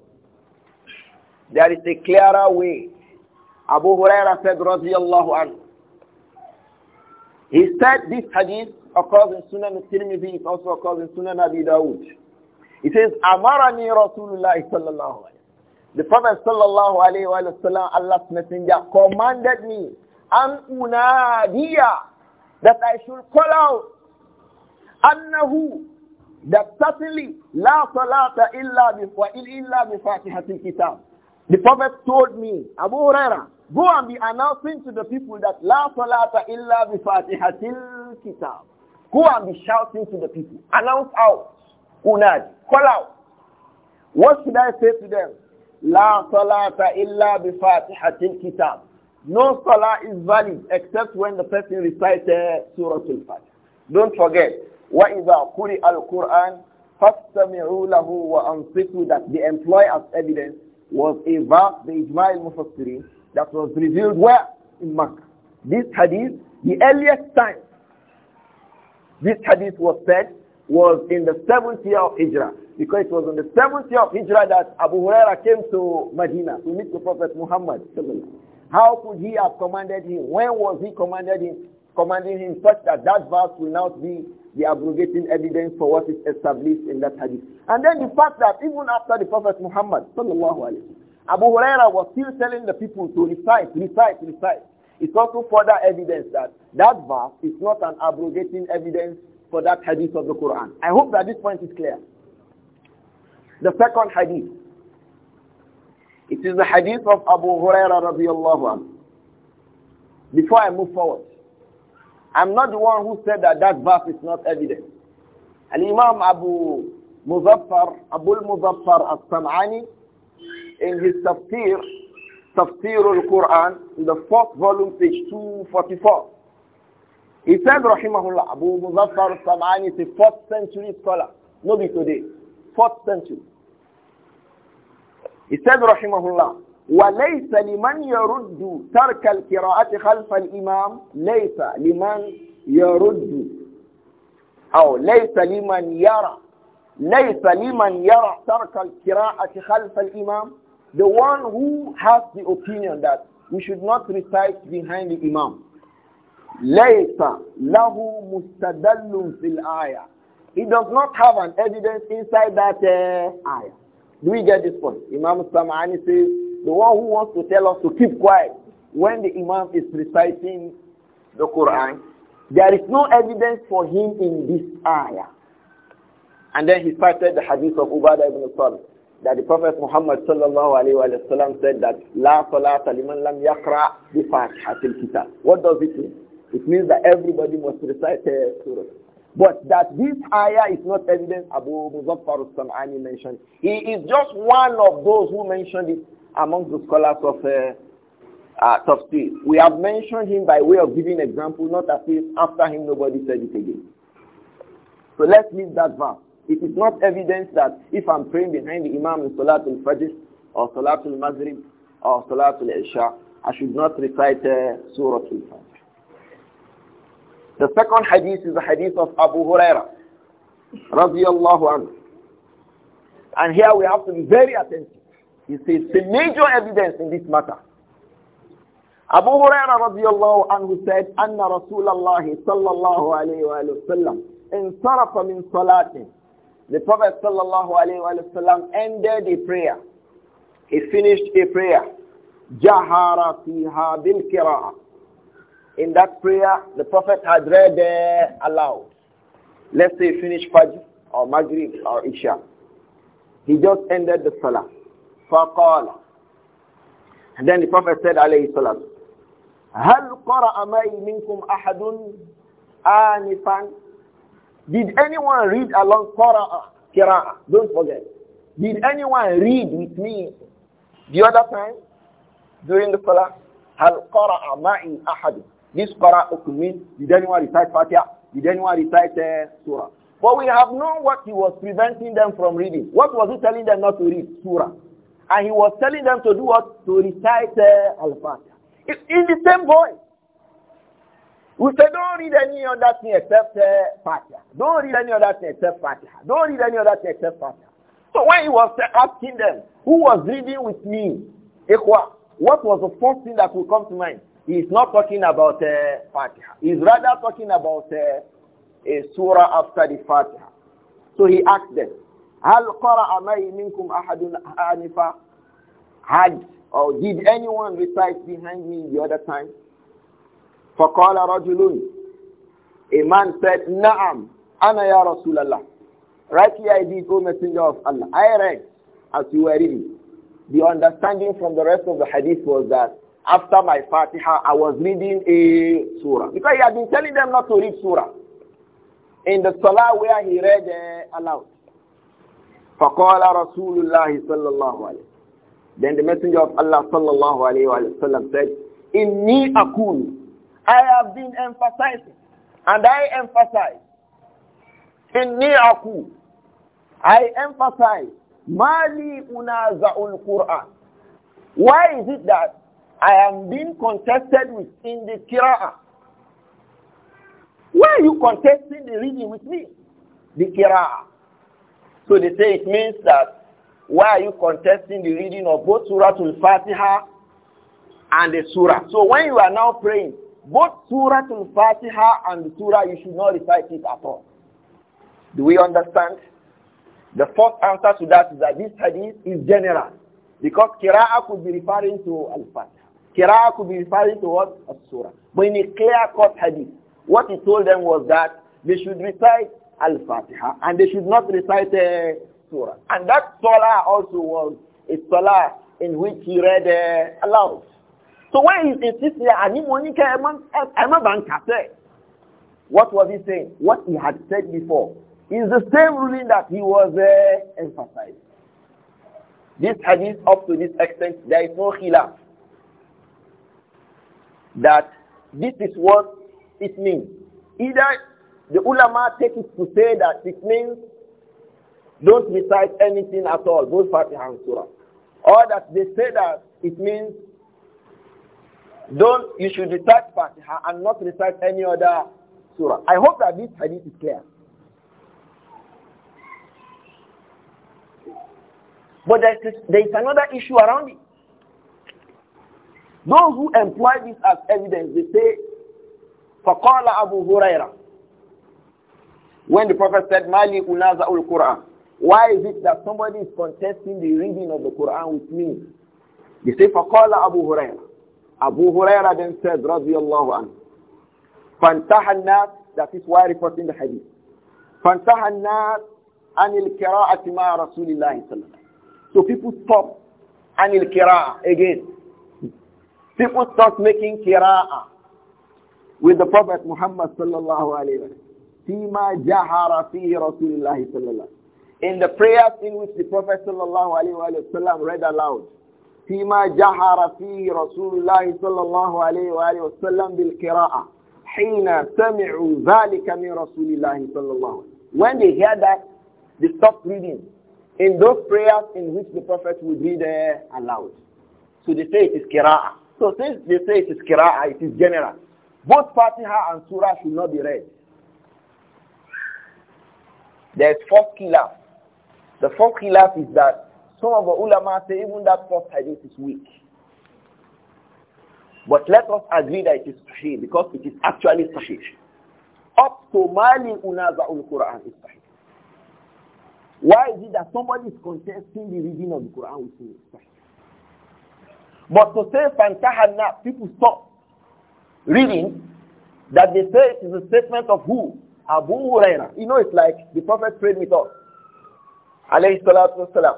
There is a clearer way. Abu Huraira said, radiyallahu anhu. He said this hadith occurs in Sunan al-Tirmidhi, it also occurs in Sunan Abi Dawud. It says, Amarani Rasulullah sallallahu alayhi The Prophet sallallahu alayhi wa sallam, Allah's messenger, commanded me, an unadiya, that I should call out, annahu, that certainly la salata illa bi illa bi fatihatil kitab. The Prophet told me, Abu Huraira, go and be announcing to the people that la salata illa bi fatihatil kitab. Go and be shouting to the people. Announce out. Unad. Call out. What should I say to them? La salata illa bi fatihatil kitab. No salah is valid except when the person recited Surah Al-Fatiha. Don't forget, وَإِذَا قُرِئَ الْقُرْآنِ فَاسْتَمِعُوا لَهُ وَأَنصِتُوا That the employ as evidence was a verse, the Ijma' al-Mufassirin, that was revealed where? In Makkah. This hadith, the earliest time this hadith was said was in the seventh year of Hijrah. Because it was in the seventh year of Hijrah that Abu Huraira came to Medina to meet the Prophet Muhammad. How could he have commanded him? When was he commanded him? Commanding him such that that verse will not be the abrogating evidence for what is established in that hadith. And then the fact that even after the Prophet Muhammad sallallahu alayhi Abu Huraira was still telling the people to recite, recite, recite. It's also further evidence that that verse is not an abrogating evidence for that hadith of the Quran. I hope that this point is clear. The second hadith. It is the hadith of Abu Huraira radiallahu anhu. Before I move forward, I'm not the one who said that that verse is not evident. Al-Imam Abu Muzaffar, Abu Muzaffar al-Sam'ani, in his tafsir, Tafsir al-Quran, in the fourth volume, page 244. He said, Rahimahullah, Abu Muzaffar al-Sam'ani is a fourth century scholar. not today. Fourth century. He said, Rahimahullah, وليس لمن يرد ترك القراءة خلف الإمام ليس لمن يرد أو ليس لمن يرى ليس لمن يرى ترك القراءة خلف الإمام the one who has the opinion that we should not recite behind the imam ليس له مستدل في الآية he does not have an evidence inside that uh, ayah do we get this point Imam Sam'ani says The one who wants to tell us to keep quiet when the Imam is reciting the Quran, there is no evidence for him in this ayah. And then he cited the hadith of Ubadah ibn Salam that the Prophet Muhammad sallallahu alaihi wa sallam said that La salata liman lam yaqra bi fatihatil kitab. What does it mean? It means that everybody must recite the surah. But that this ayah is not evidence Abu Muzaffar al-Sam'ani mentioned. He is just one of those who mentioned it among the scholars of uh, uh, Tafsir. We have mentioned him by way of giving example, not as if after him nobody said it again. So let's leave that verse. It is not evidence that if I'm praying behind the Imam in Salatul Fajr or Salatul Maghrib or Salatul Isha, I should not recite uh, Surah Al-Fajr. The second hadith is the hadith of Abu Huraira الله عنه, And here we have to be very attentive. He says "The major evidence in this matter. Abu Huraira radiallahu anhu said, Anna Rasulallah sallallahu alayhi wasallam عليه وآله وسلم انصرف من The Prophet sallallahu alayhi wa sallam ended a prayer. He finished a prayer. Jahara جَهَارَ فِيهَا kira. In that prayer, the Prophet had read uh, aloud. Let's say he finished Fajr or Maghrib or Isha. He just ended the Salah. فقال And then the Prophet said عليه الصلاة هل قرأ معي منكم أحد آنفا Did anyone read along قرأ قراءة Don't forget Did anyone read with me the other time during the salah? هل قرأ معي أحد This قراءة could mean did anyone recite Fatiha? Did anyone recite uh, Surah? But we have known what he was preventing them from reading. What was he telling them not to read? Surah. And he was telling them to do what? To recite uh, Al-Fatiha. In the same voice. We said, don't read any other thing except uh, Fatiha. Don't read any other thing except Fatiha. Don't read any other thing except Fatiha. So when he was asking them, who was reading with me? Ikhwa, what was the first thing that will come to mind? He is not talking about uh, Fatiha. He is rather talking about uh, a surah after the Fatiha. So he asked them, هل قرأ معي منكم أحد had or did anyone recite behind me the other time فقال رجل a man said نعم أنا يا رسول الله here I did O messenger of Allah I read as you were reading the understanding from the rest of the hadith was that after my Fatiha, I was reading a surah. Because he had been telling them not to read surah. In the salah where he read uh, aloud. فَقَالَ رَسُولُ اللَّهِ صَلَّى اللَّهُ عَلَيْهِ Then the messenger of Allah صلى الله عليه وسلم said, إِنِّي أَكُونُ I have been emphasizing, and I emphasize, إِنِّي أَكُونُ I emphasize, مَالِي أُنَازَعُ الْقُرْآنِ Why is it that I am being contested with in the Qira'ah? Why are you contesting the reading with me? The Qira'ah. So they say it means that why are you contesting the reading of both Surah Al-Fatiha and the Surah? So when you are now praying, both Surah Al-Fatiha and the Surah, you should not recite it at all. Do we understand? The first answer to that is that this hadith is general. Because kiraah could be referring to Al-Fatiha. kiraah could be referring to what? Al-Surah. But in a clear-cut hadith, what he told them was that they should recite Al-Fatiha and they should not recite a Surah. And that Salah also was a Salah in which he read uh, aloud. So when he insists here, Animonika Emma what was he saying? What he had said before is the same ruling that he was uh, emphasizing. This hadith up to this extent, there is no khilaf that this is what it means. Either the ulama take it to say that it means don't recite anything at all, both Fatiha and Surah. Or that they say that it means don't you should recite Fatiha and not recite any other surah. I hope that this hadith is clear. But there is, another issue around it. Those who employ this as evidence, they say, فَقَالَ أَبُو هُرَيْرَةَ when the Prophet said, Mali unaza ul Quran, why is it that somebody is contesting the reading of the Quran with me? They say, Faqala Abu Huraira. Abu Huraira then said, radiallahu anhu, فانتهى الناس, that is why reporting the hadith. فانتهى الناس عن القراءة مع رسول So people stop anil kira again. People start making qira'ah with the Prophet Muhammad sallallahu alayhi wa Fima jahara fihi Rasulullah وسلم In the prayers in which the Prophet sallallahu alayhi wa وسلم read aloud, Fima jahara fihi Rasulullah sallallahu alayhi wa sallam bil qira'ah. Hina sami'u dhalika min Rasulullah sallallahu When they hear that, they stop reading. In those prayers in which the Prophet would read uh, aloud. So they say it is qira'ah. So since they say it is qira'ah, it is general. Both Fatiha and Surah should not be read. There's fourth khilaf. The fourth khilaf is that some of the ulama say even that fourth hadith is weak. But let us agree that it is sahih because it is actually sahih. Up to Mali unaza'ul Quran is sahih. Why is it that somebody is contesting the reading of the Quran with me? But to say fantahana, people stop reading, that they say it is a statement of who? Abu Huraira. You know, it's like the Prophet prayed with us. Alayhi salatu wasalam.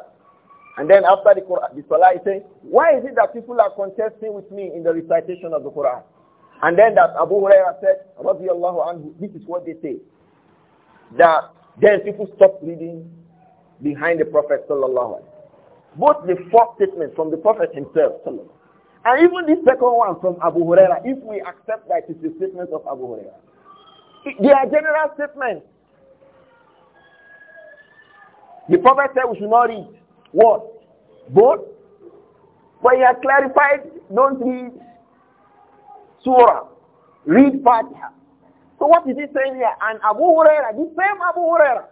And then after the Quran, the Salah, he saying, why is it that people are contesting with me in the recitation of the Quran? And then that Abu Huraira said, radiallahu anhu, this is what they say. That then people stopped reading behind the Prophet sallallahu alaihi both the first statement from the Prophet himself, and even the second one from Abu Huraira, if we accept that it's the statement of Abu Huraira. They are general statements. The prophet said we should not read what? Both. But he has clarified, don't read surah. Read Fatiha. So what is he saying here? And Abu Huraira, the same Abu Huraira,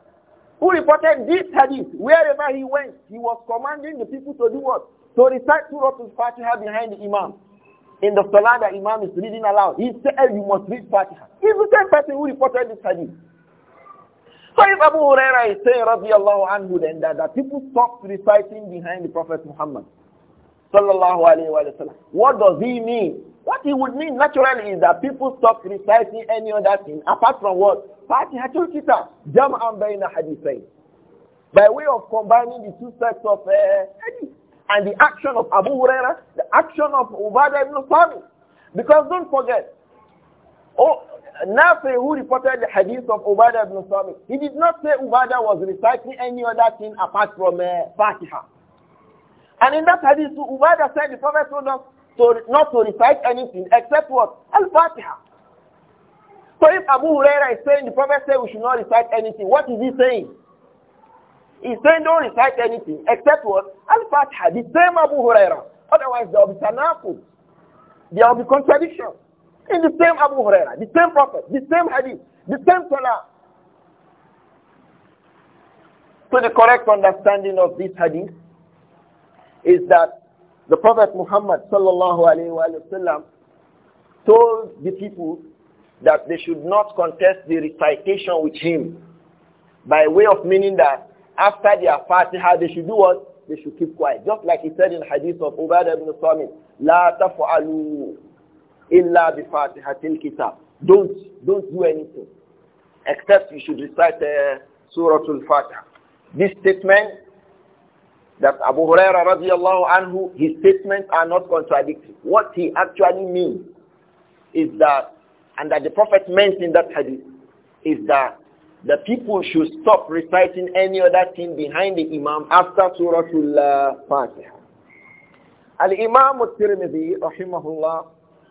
who reported this hadith, wherever he went, he was commanding the people to do what? To recite Surah to fatiha behind the Imam in the salah the imam is reading aloud, he said you must read Fatiha. He's the same person who reported this hadith. So if Abu Huraira is saying radiallahu anhu then that, that people stopped reciting behind the Prophet Muhammad sallallahu alayhi wa sallam, what does he mean? What he would mean naturally is that people stop reciting any other thing apart from what? Fatiha tul kitab, jam'an bayna hadithain. By way of combining the two sets of uh, hadith and the action of Abu Huraira, the action of Ubadah ibn Sami. Because don't forget, oh, Nafi who reported the hadith of Ubadah ibn Sami, he did not say Ubadah was reciting any other thing apart from uh, Fatiha. And in that hadith, Ubadah said the Prophet told us to, not to recite anything except what? Al-Fatiha. So if Abu Huraira is saying the Prophet said we should not recite anything, what is he saying? He's saying don't recite anything except what? Al-Fatiha, the same Abu Huraira. Otherwise there will be tanafud. There will be contradiction. In the same Abu Huraira, the same Prophet, the same Hadith, the same Salah. So the correct understanding of this Hadith is that the Prophet Muhammad sallallahu alayhi told the people that they should not contest the recitation with him by way of meaning that after their how they should do what? They should keep quiet. Just like he said in hadith of Ubadah ibn Samit, La alu illa bi fatihatil kitab. Don't, don't do anything. Except you should recite uh, Surah Al-Fatiha. This statement that Abu Huraira radiallahu anhu, his statements are not contradictory. What he actually means is that, and that the Prophet meant in that hadith, is that the people should stop reciting any other thing behind the Imam after Surah Al-Fatiha. Al-Imam Al-Tirmidhi, rahimahullah,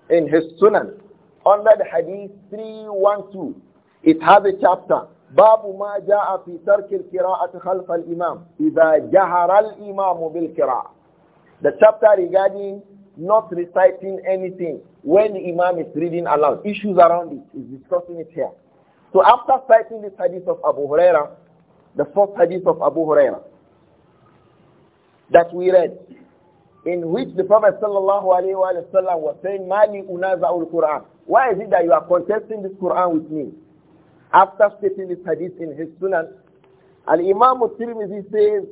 in his Sunan, under the Hadith 312, it has a chapter, باب al جاء في al Imam, خلف الإمام al جهر bil بالقراءة. The chapter regarding not reciting anything when the Imam is reading aloud. Issues around it is discussing it here. So after citing this hadith of Abu Huraira, the first hadith of Abu Huraira that we read, in which the Prophet sallallahu alaihi wasallam was saying, "Mali unaza Quran." Why is it that you are contesting this Quran with me? After stating this hadith in his Sunan, Al Imam Tirmidhi says,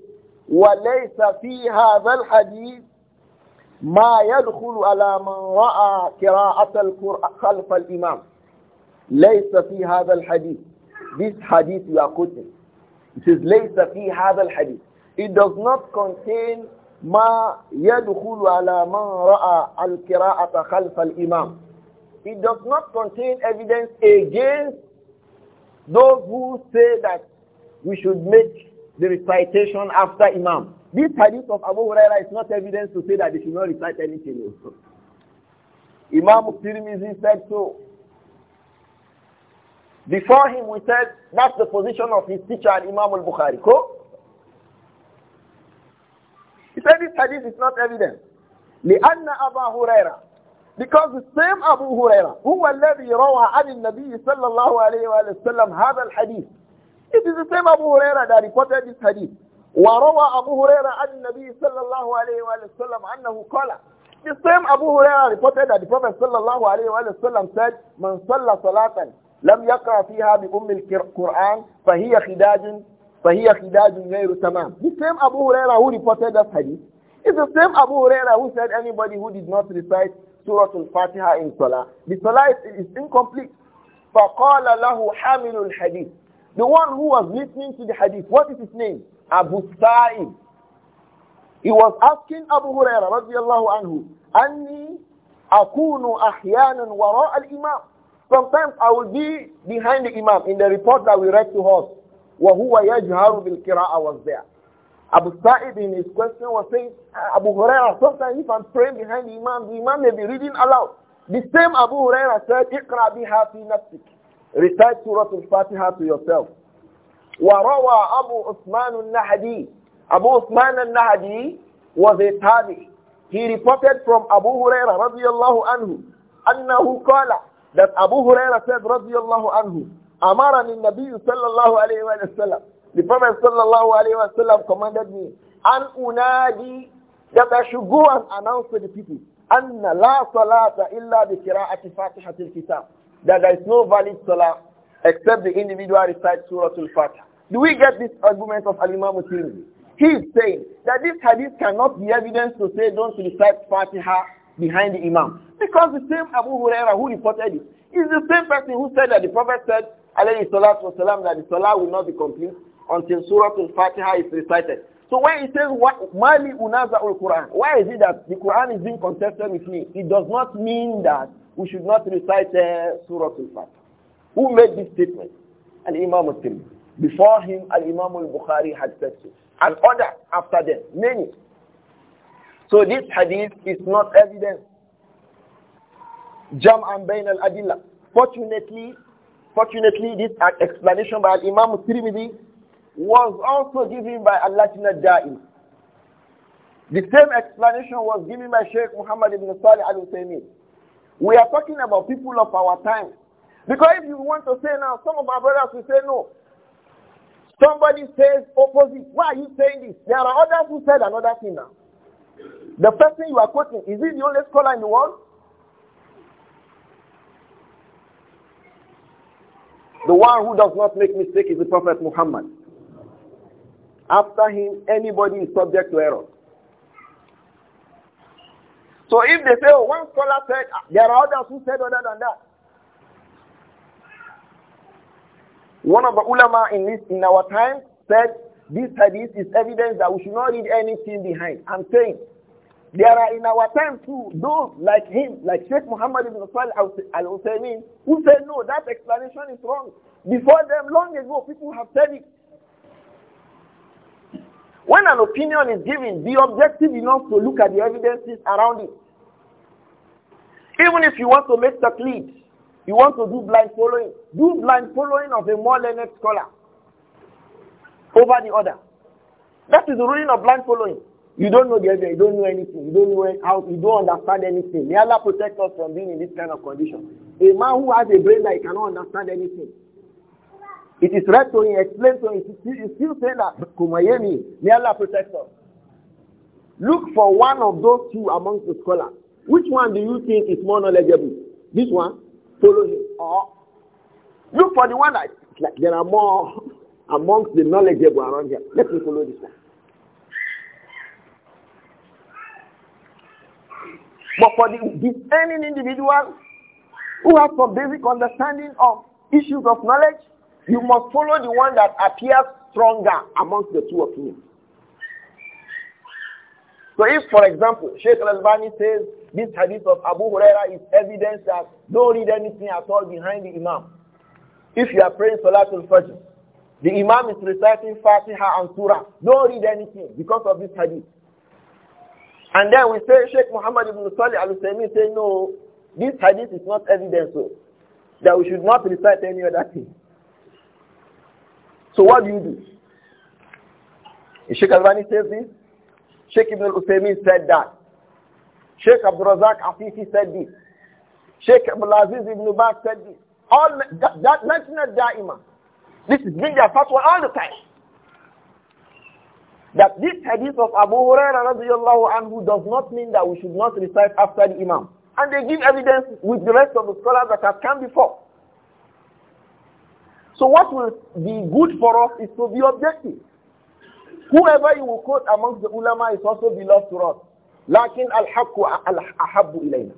"وليس في هذا الحديث ما يدخل على من رأى قراءة القرآن خلف الإمام." لَيْسَ فِي هَذَا الْحَدِيثِ This hadith you are quoting. It says لَيْسَ فِي هَذَا الْحَدِيثِ It does not contain ما يدخل على من رأى القراءة خلف الإمام. It does not contain evidence against those who say that we should make the recitation after Imam. This hadith of Abu Huraira is not evidence to say that they should not recite anything. Imam Tirmizi said so. Before him, we said that's the position of his teacher, Imam al-Bukhari. Cool? He said this hadith is not evident. لأن أبا هريرة Because the same Abu Huraira, who الذي روى عن النبي صلى الله عليه وآله وسلم هذا الحديث. It is the same Abu Huraira that reported this hadith. وروى أبو هريرة عن النبي صلى الله عليه وآله وسلم أنه قال The same Abu Huraira reported that the Prophet صلى الله عليه وسلم said من صلى صلاة لم يقرأ فيها بأم القرآن فهي خداج فهي خداج غير تمام. The same Abu Huraira who reported that hadith is the same Abu Huraira who said anybody who did not recite Surah Al-Fatiha in Salah, the Salah is, is incomplete. فَقَالَ لَهُ حَامِلُ الْحَدِيثِ The one who was listening to the hadith, what is his name? Abu Sa'id. He was asking Abu Huraira رضي الله عنه أني أكون أحيانا وراء الإمام Sometimes I will be behind the imam in the report that we read to us. وَهُوَ يَجْهَرُ I was there. Abu Sa'id in his question was saying, ah, Abu Huraira, sometimes if I'm praying behind the imam, the imam may be reading aloud. The same Abu Huraira said, "It بِهَا فِي نَفْسِكَ Recite Surah Al-Fatiha to yourself. وَرَوَى أَبُو عُثْمَانُ النَّهَدِي Abu Uthman al-Nahdi was a tabi. He reported from Abu Huraira radiyallahu anhu, أنه قال that Abu Huraira said, radiyallahu anhu, Amarani Nabi sallallahu alayhi wa sallam, the Prophet sallallahu alayhi wa sallam commanded me, an unadi, that I should go and announce to the people, anna la salata illa bi kira'ati fatihatil kitab, that there is no valid salah except the individual recites Surah Al-Fatiha. Do we get this argument of Al-Imam He is saying that this hadith cannot be evidence to say don't recite Fatiha behind the Imam. Because the same Abu Huraira who reported it is the same person who said that the Prophet said, alayhi salatu wasalam, that the Salah will not be complete until Surah Al-Fatiha is recited. So when he says, Mali unaza al-Quran, why is it that the Quran is being contested with me? It does not mean that we should not recite uh, Surah Al-Fatiha. Who made this statement? An imam al-Tirmidhi. Before him, Al-Imam al-Bukhari had said so. And others after them, many. So this hadith is not evidence. Jam and Bain al adilla. Fortunately, fortunately, this explanation by Imam Tirmidhi was also given by Al-Latin dai The same explanation was given by Sheikh Muhammad ibn Salih al-Utaymin. We are talking about people of our time. Because if you want to say now, some of our brothers will say no. Somebody says opposite. Why are you saying this? There are others who said another thing now. The person you are quoting, is he the only scholar in the world? The one who does not make mistake is the Prophet Muhammad. After him, anybody is subject to error. So if they say, oh, one scholar said, ah, there are others who said other than that. One of the ulama in this in our time said this hadith is evidence that we should not leave anything behind. I'm saying there are in our time too those like him, like Sheikh Muhammad ibn Salih al Uthaymeen, who say no, that explanation is wrong. Before them, long ago, people have said it. When an opinion is given, be objective enough to look at the evidences around it. Even if you want to make the lead, you want to do blind following, do blind following of a more learned scholar over the other. That is the ruling of blind following. You don't know the you don't know anything, you don't know how, you don't understand anything. May Allah protect us from being in this kind of condition. A man who has a brain that he cannot understand anything. It is read to him, explained to him, he still saying that, Kumayemi, may Allah protect us. Look for one of those two amongst the scholars. Which one do you think is more knowledgeable? This one? Follow him. Or look for the one that like, there are more amongst the knowledgeable around here. Let me follow this one. But for the discerning individual who has some basic understanding of issues of knowledge, you must follow the one that appears stronger amongst the two opinions. So if, for example, Sheikh Al-Albani says this hadith of Abu Huraira is evidence that don't read anything at all behind the Imam. If you are praying Salatul Fajr, the Imam is reciting Fatiha and Surah. Don't read anything because of this hadith. And then we say Sheikh Muhammad ibn Salih al-Usaimi say no, this hadith is not evidence so that we should not recite any other thing. So what do you do? If Sheikh Albani says this, Sheikh Ibn al said that. Sheikh Abdul Razak Afifi said this. Sheikh Abdul Aziz Ibn Baz said this. All that, that mentioned Daima. This is being their fatwa all the time that this hadith of Abu Hurairah radiallahu anhu does not mean that we should not recite after the Imam. And they give evidence with the rest of the scholars that have come before. So what will be good for us is to be objective. Whoever you will quote amongst the ulama is also beloved to us. Lakin al-haqqu al-ahabbu ilayna.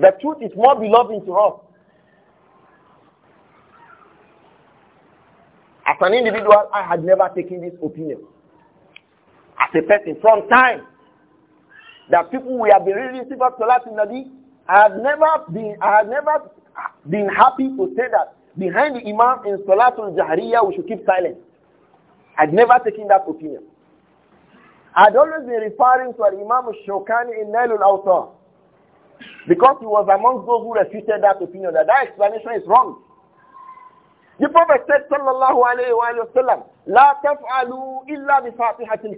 The truth is more beloved to us. As an individual, I had never taken this opinion as a person from time. That people we have been reading Sifat Salat Nabi, I have never been I never been happy to say that behind the Imam in Salatul Jahriya we should keep silent. I'd never taken that opinion. I'd always been referring to Imam Shokani in Nailul Awtar because he was amongst those who refuted that opinion that that explanation is wrong. The Prophet said, sallallahu alayhi wa sallam, La taf'alu illa bi fatihatil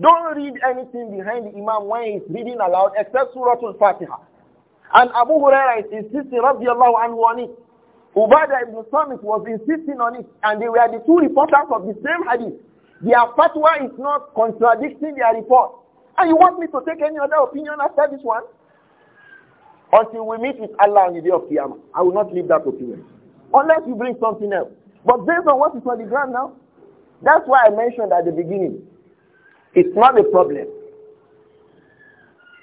Don't read anything behind the Imam when he's reading aloud except Surah Al-Fatiha. And Abu Huraira is insisting, radiallahu anhu on it. Ubadah ibn Samit was insisting on it. And they were the two reporters of the same hadith. Their fatwa is not contradicting their report. And you want me to take any other opinion after this one? Until we meet with Allah on the day of Qiyamah. I will not leave that opinion. Unless you bring something else. But based on what is on the ground now, that's why I mentioned at the beginning. It's not a problem.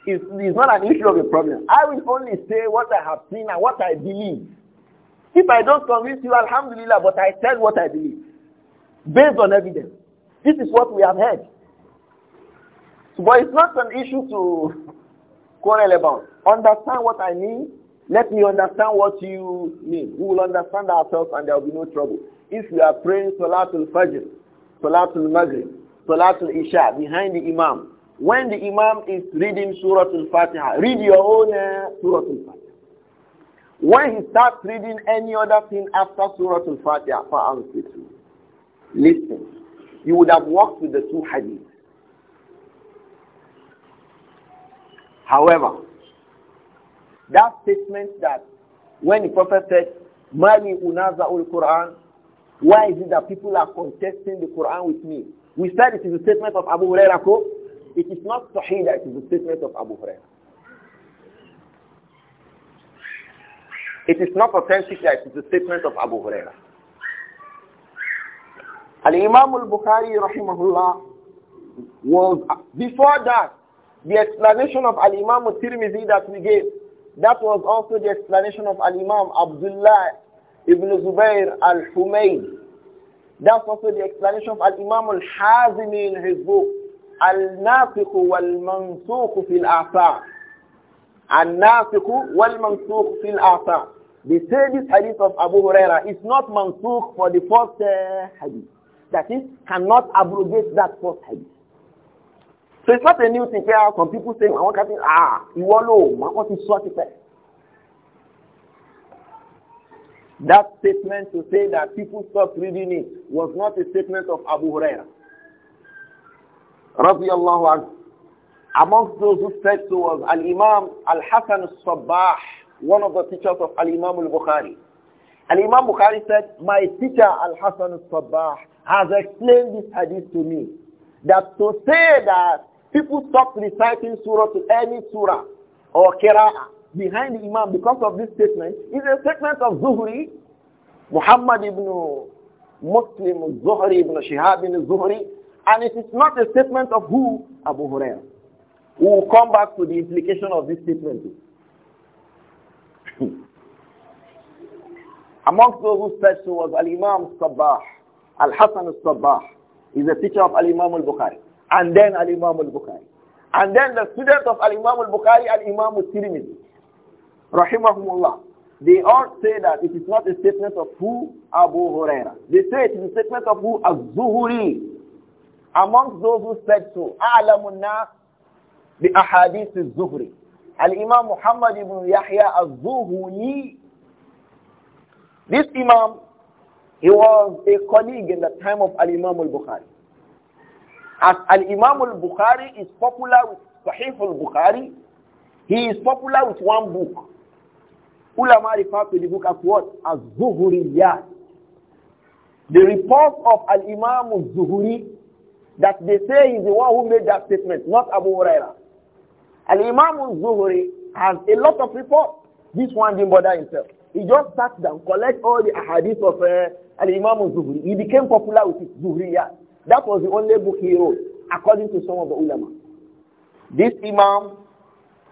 It's, it's not an issue of a problem. I will only say what I have seen and what I believe. If I don't convince you, alhamdulillah, but I said what I believe. Based on evidence. This is what we have heard. But it's not an issue to quarrel about. Understand what I mean let me understand what you mean. We will understand ourselves and there will be no trouble. If we are praying Salatul Fajr, Salatul Maghrib, Salatul Isha behind the Imam, when the Imam is reading Surah Al-Fatiha, read your own uh, Surah Al-Fatiha. When he starts reading any other thing after Surah Al-Fatiha, listen. You would have walked with the two hadiths. However, that statement that when the Prophet said, Mali unaza ul Quran, why is it that people are contesting the Quran with me? We said it is a statement of Abu Hurairah. It is not Sahih that it is a statement of Abu Hurairah. It is not authentic that it is a statement of Abu Hurairah. Al-Imam al-Bukhari rahimahullah was, before that, the explanation of Al-Imam al-Tirmidhi that we gave, that was also the explanation of Al-Imam Abdullah ibn Zubair al-Humayn. That's also the explanation of Al-Imam al-Hazimi in his book, Al-Nafiq wal-Mansuq fil Athar. Al-Nafiq wal-Mansuq fil Athar. They say this hadith of Abu Huraira is not mansuq for the first uh, hadith. That is, cannot abrogate that first hadith. So it's not a new thing. some people saying, I want to ah, you all know, kọ́ ti sọ ti pẹ́. That statement to say that people stopped reading it was not a statement of Abu Huraira. رضي الله عنه. Amongst those who said so was Al-Imam Al-Hasan al-Sabbah, one of the teachers of Al-Imam al-Bukhari. Al-Imam Bukhari said, my teacher Al-Hasan al-Sabbah has explained this hadith to me that to say that People stopped reciting surah to any surah or qira'ah behind the imam because of this statement. It's a statement of Zuhri, Muhammad ibn Muslim Zuhri ibn Shihab ibn Zuhri, and it is not a statement of who? Abu Hurairah. We will come back to the implication of this statement. Amongst those who said so was Al-Imam Sabah al Hasan al-Sabbah. He's a teacher of Al-Imam al-Bukhari and then Al-Imam Al-Bukhari. And then the students of Al-Imam Al-Bukhari and Imam Al-Tirmidhi, rahimahumullah, they all say that it is not a statement of who Abu Huraira. They say it is a statement of who Az-Zuhuri. Amongst those who said so, the Ahadith بأحاديث الزهري. Al-Imam Muhammad ibn Yahya Az-Zuhuri. This Imam, he was a colleague in the time of Al-Imam Al-Bukhari. As Al-Imam al-Bukhari is popular with Sahih al-Bukhari, he is popular with one book. Ulama refer to the book as what? As Zuhuriyat. The report of Al-Imam al-Zuhuri that they say is the one who made that statement, not Abu Huraira. Al-Imam al-Zuhri has a lot of reports. This one didn't bother himself. He just sat down, collect all the ahadith of uh, Al-Imam al-Zuhri. He became popular with his Zuhriyat. That was the only book he wrote, according to some of the ulama. This Imam,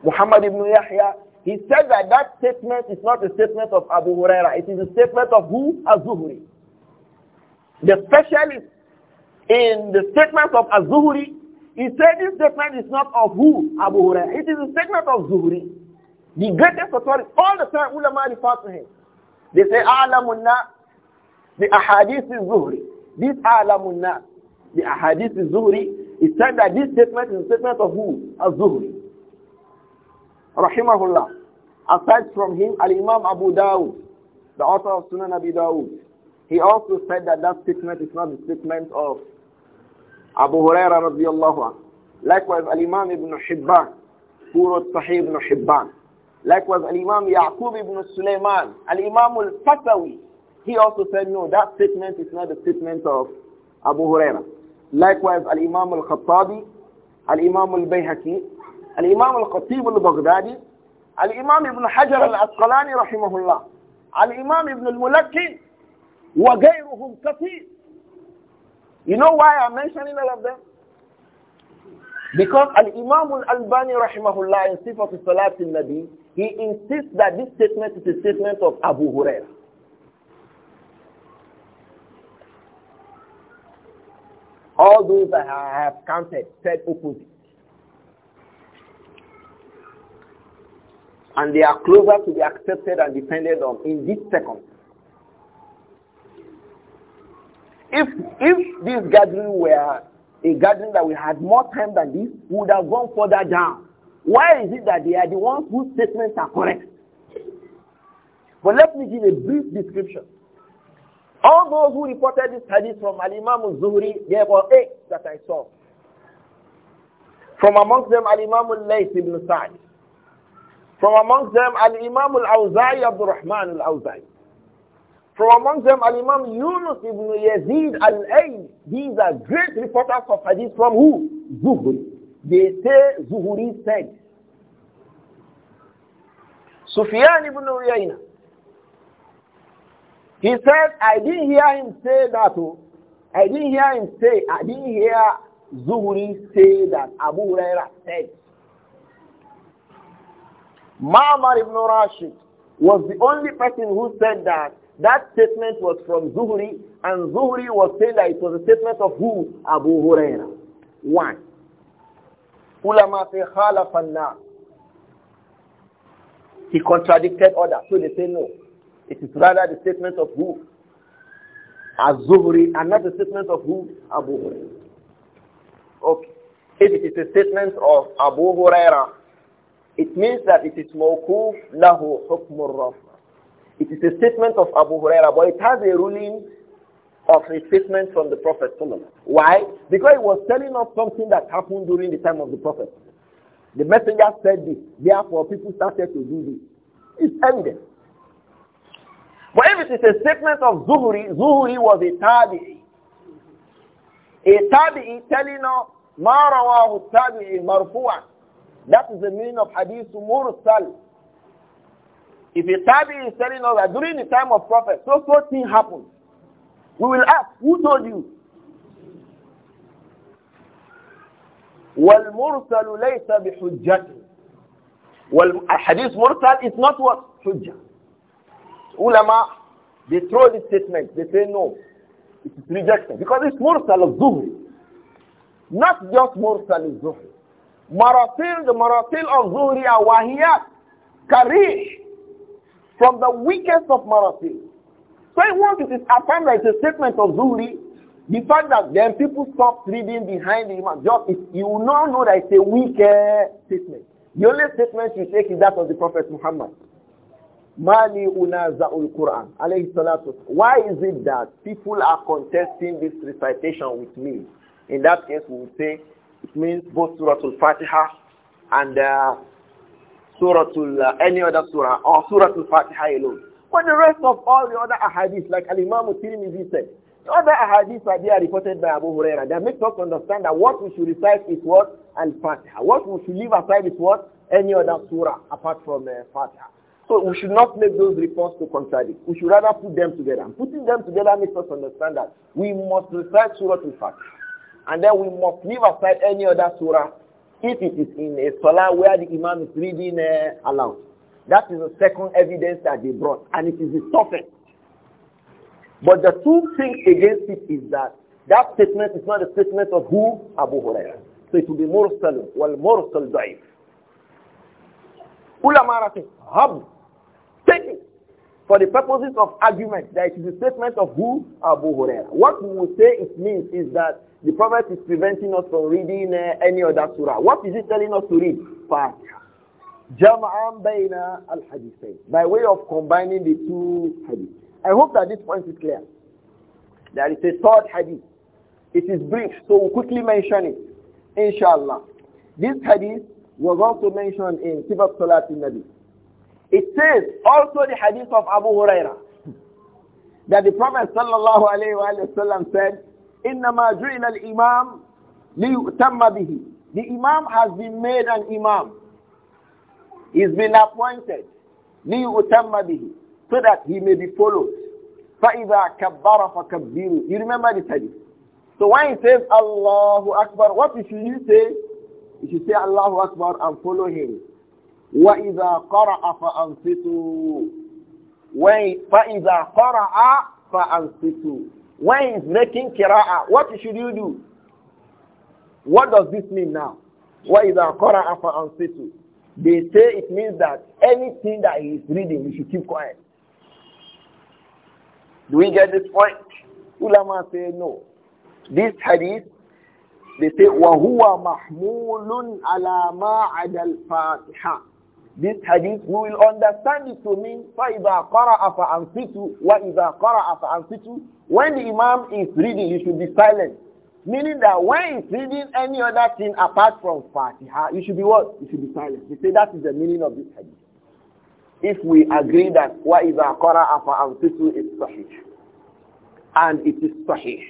Muhammad ibn Yahya, he said that that statement is not a statement of Abu Huraira. It is a statement of who? Az-Zuhri. The specialist in the statement of Az-Zuhri, he said this statement is not of who? Abu Huraira. It is a statement of Zuhri. The greatest authority, all the time ulama refer to him. They say, A'lamunna, the ahadith is Zuhri. This A'lamunna the Ahadith Zuhri, it said that this statement is a statement of who? Az-Zuhri. Rahimahullah. Aside from him, Al-Imam Abu Dawud, the author of Sunan Abi Dawud, he also said that that statement is not the statement of Abu Huraira radiallahu Likewise, Al-Imam Ibn Hibban, who wrote Sahih Ibn Hibban. Likewise, Al-Imam Yaqub Ibn Sulaiman, Al-Imam Al-Fatawi, he also said, no, that statement is not the statement of Abu Huraira. Likewise, Al-Imam Al-Khattabi, Al-Imam Al-Bayhaqi, Al-Imam Al-Khatib Al-Baghdadi, Al-Imam Ibn Hajar Al-Asqalani Rahimahullah, Al-Imam Ibn Al-Mulakki, وغيرهم كثير. You know why I'm mentioning all of them? Because Al-Imam Al-Albani Rahimahullah in Sifat Salat Al-Nabi, he insists that this statement is a statement of Abu Hurairah. All those that I have counted said opposite. And they are closer to be accepted and depended on in this second. If, if this gathering were a gathering that we had more time than this would have gone further down. Why is it that they are the ones whose statements are correct? But let me give a brief description. All those who reported this hadith from Al-Imam zuhri there were eight that I saw. From amongst them, Al-Imam al-Layth ibn Sa'd. From amongst them, Al-Imam al-Awza'i, Abdul Rahman al-Awza'i. From amongst them, Al-Imam Yunus ibn Yazid al-Ayn. These are great reporters of hadith from who? Zuhri. They say Zuhri said. Sufyan ibn Uyayna. He said, I didn't hear him say that. Oh. I didn't hear him say, I didn't hear Zuhri say that Abu Huraira said. Ma'amar ibn Rashid was the only person who said that. That statement was from Zuhri, and Zuhri was saying that it was a statement of who? Abu Huraira. One. Ulama say khalafanna. He contradicted others, so they say no. It is rather the statement of who? az and not the statement of who? Abu Huraira. Okay. If it is a statement of Abu Huraira, it means that it is mawkuf lahu hukm It is a statement of Abu Huraira, but it has a ruling of a statement from the Prophet. Why? Because it was telling us something that happened during the time of the Prophet. The messenger said this, therefore people started to do this. It's ended. But if it is a statement of Zuhri, Zuhri was a tabi'i. A tabi'i telling us, ما رواه Tabi'i مرفوعا. That is the meaning of hadith mursal. If a tabi'i is telling us that during the time of Prophet, so so thing happened, we will ask, who told you? والمرسل ليس بحجته. hadith مرسل is not what? Hujjah. Ulama, they throw this statement. They say no. It is rejection. Because it's Mursal of Zuhri. Not just Mursal of Zuhri. Maratil, the Maratil of Zuhri are Wahiyat. Karish. From the weakest of Maratil. So once it is affirmed that it's a statement of Zuhri, the fact that then people stop reading behind the imam, just you will not know that it's a weak uh, statement. The only statement you take is that of the Prophet Muhammad. Mali Quran. Alayhi salatu. Why is it that people are contesting this recitation with me? In that case, we will say it means both Surah Al-Fatiha and uh, Surah uh, any other Surah or Surah Al-Fatiha alone. But the rest of all the other ahadith, like Al-Imam Tirmidhi said, the other ahadith are there reported by Abu Huraira that makes us understand that what we should recite is what? Al-Fatiha. What we should leave aside is what? Any other Surah apart from uh, Fatiha. So we should not make those reports to contradict. We should rather put them together. And putting them together makes us understand that we must recite Surah al fact, And then we must leave aside any other surah if it is in a salah where the imam is reading uh, aloud. That is the second evidence that they brought. And it is the toughest. But the two things against it is that that statement is not a statement of who? Abu Hurairah. So it will be mursal, wal mursal da'if. Ulama Rafi, Take it. For the purposes of argument, that it is a statement of who? Abu Huraira. What we will say it means is that the Prophet is preventing us from reading uh, any other surah. What is he telling us to read? Fatiha. Jama'an bayna al-hadithain. By way of combining the two hadiths. I hope that this point is clear. There is a third hadith. It is brief, so we'll quickly mention it. Inshallah. This hadith was also mentioned in Sibat Salat al-Nabi. It says also the hadith of Abu Huraira that the Prophet sallallahu alayhi wa sallam said, إِنَّمَا جُعِلَ الْإِمَامِ لِيُؤْتَمَّ بِهِ The Imam has been made an Imam. He's been appointed. لِيُؤْتَمَّ بِهِ So that he may be followed. فَإِذَا كَبَّرَ فَكَبِّرُوا You remember this hadith. So when he says Allahu Akbar, what should you say? You should say Allahu Akbar and follow him. وَإِذَا قَرَأَ فَأَنْصِتُوا when فَإِذَا قَرَأَ فَأَنْصِتُوا when he's making qira'ah what should you do what does this mean now وَإِذَا قَرَأَ فَأَنْصِتُوا they say it means that anything that he is reading you should keep quiet do we get this point ulama say no this hadith they say وَهُوَ مَحْمُولٌ عَلَى مَا عَدَى الْفَاتِحَةِ this hadith, we will understand it to mean فَإِذَا قَرَأَ فَأَنْصِتُ وَإِذَا قَرَأَ فَأَنْصِتُ When the imam is reading, you should be silent. Meaning that when he's reading any other thing apart from Fatiha, you should be what? You should be silent. They say that is the meaning of this hadith. If we agree that وَإِذَا قَرَأَ فَأَنْصِتُ is sahih. And it is sahih.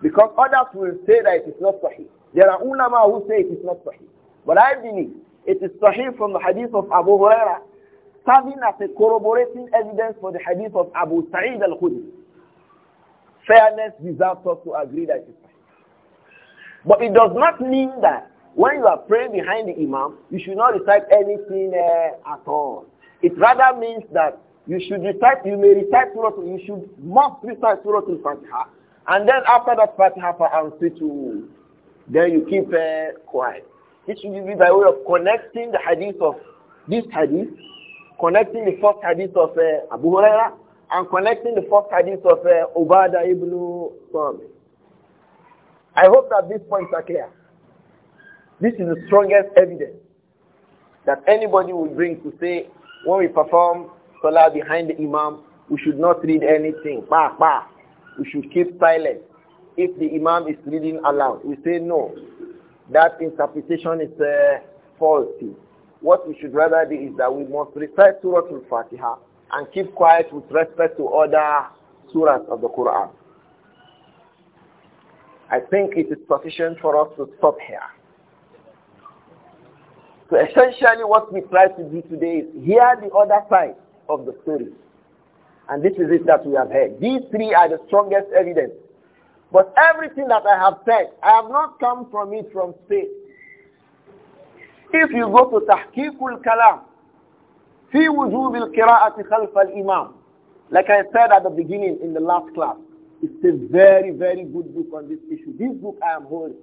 Because others will say that it is not sahih. There are ulama who say it is not sahih. But I believe it is sahih from the hadith of Abu Huraira, serving as a corroborating evidence for the hadith of Abu Sa'id al-Khudri. Fairness deserves us to agree that it is sahih. But it does not mean that when you are praying behind the imam, you should not recite anything uh, at all. It rather means that you should recite, you may recite Surah, you should must recite Surah Al-Fatiha. And then after that Fatiha, and to then you keep uh, quiet. It should be by way of connecting the hadith of this hadith, connecting the first hadith of uh, Abu Huraira, and connecting the first hadith of uh, Ubadah ibn Samit. I hope that these points are clear. This is the strongest evidence that anybody will bring to say when we perform salah behind the imam, we should not read anything. Bah, bah. We should keep silent. If the imam is reading aloud, we say no that interpretation is uh, faulty. What we should rather do is that we must recite Surah Al-Fatiha and keep quiet with respect to other surahs of the Quran. I think it is sufficient for us to stop here. So essentially what we try to do today is hear the other side of the story. And this is it that we have heard. These three are the strongest evidence but everything that I have said, I have not come from it from space. If you go to Tahqiqul Kalam, Fi وجوب القراءة خلف Imam, Like I said at the beginning in the last class, it's a very, very good book on this issue. This book I am holding.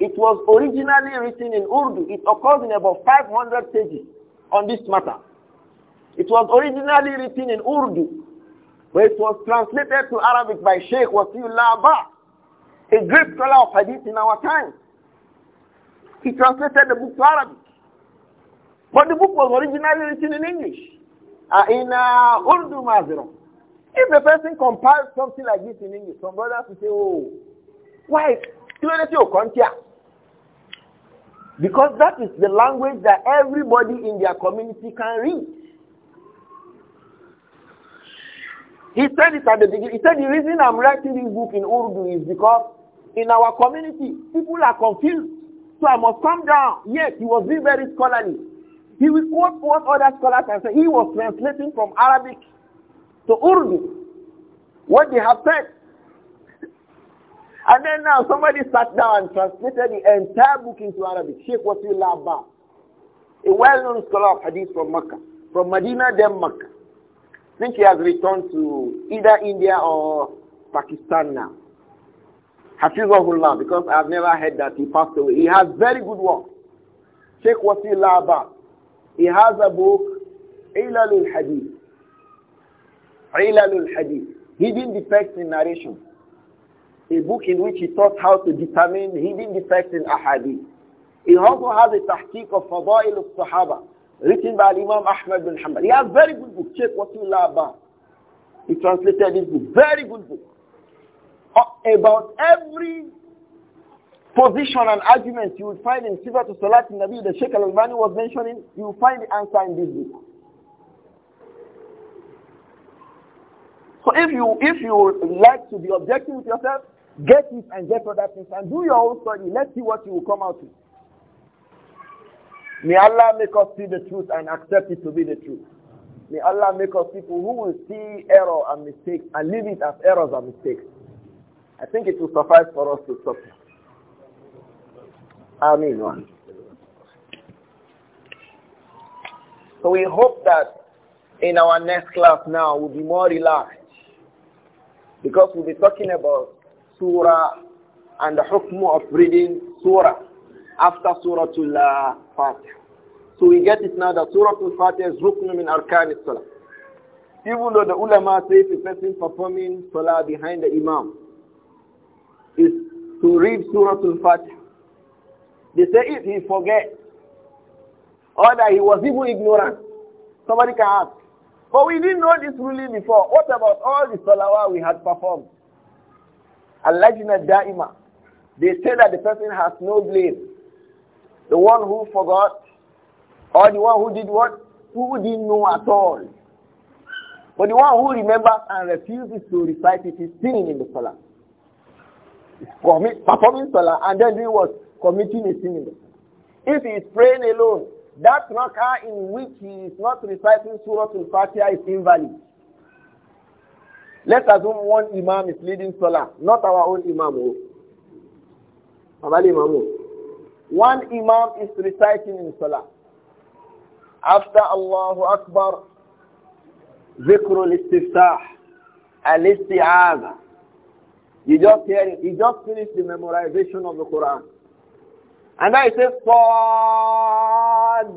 It was originally written in Urdu. It occurs in about 500 pages on this matter. It was originally written in Urdu, but it was translated to Arabic by Sheikh Wasiullah Abbas a great scholar of hadith in our time. He translated the book to Arabic. But the book was originally written in English, uh, in uh, Urdu uh, If a person compiles something like this in English, some brothers will say, oh, why? Because that is the language that everybody in their community can read. He said it at the beginning. He said the reason I'm writing this book in Urdu is because in our community, people are confused. So I must calm down. Yes, he was being very scholarly. He will quote what other scholars have said. He was translating from Arabic to Urdu. What they have said. And then now somebody sat down and translated the entire book into Arabic. Sheikh Wasil Abba, a well-known scholar of hadith from Makkah, from Medina, then Makkah, I think he has returned to either India or Pakistan now. Hafizahullah, because I've never heard that he passed away. He has very good work. Sheikh Wasi Laba. He has a book, Ilalul Hadith. Ilalul Hadith. Hidden defects in narration. A book in which he taught how to determine hidden defects in ahadith. He also has a tahqiq of Fadail al-Sahaba, written by Imam Ahmad bin Hamad. He has very good book, Sheikh Wasi Laba. He translated this book. Very good book about every position and argument you will find in to Salat Nabi the Sheikh Al-Albani was mentioning, you will find the answer in this book. So if you if you like to be objective with yourself, get it and get other things and do your own study. Let's see what you will come out with. May Allah make us see the truth and accept it to be the truth. May Allah make us people who will see error and mistakes and leave it as errors and mistakes. I think it will suffice for us to stop. mean One. So we hope that in our next class now we'll be more relaxed because we'll be talking about surah and the hukm of reading surah after surah tul uh, fatiha So we get it now that surah tul fatiha is rukn min arkan salah. Even though the ulama say if a person performing salah behind the imam, is to read Surah Al-Fatiha. They say if he forgets, or that he was even ignorant, somebody can ask. But we didn't know this ruling really before. What about all the salawat we had performed? Al-Lajna Da'ima. They say that the person has no blame. The one who forgot, or the one who did what? Who didn't know at all. But the one who remembers and refuses to recite it is sinning in the salah performing salah and then doing what? Committing a sin. If he is praying alone, that rak'ah in which he is not reciting Surah Al-Fatiha is invalid. Let assume one imam is leading salah, not our own imam. Oh. Oh. One imam is reciting in salah. After Allahu Akbar, ذكر الاستفتاح الاستعاذة you just hear it. He just finished the memorization of the Quran. And I say, Sad,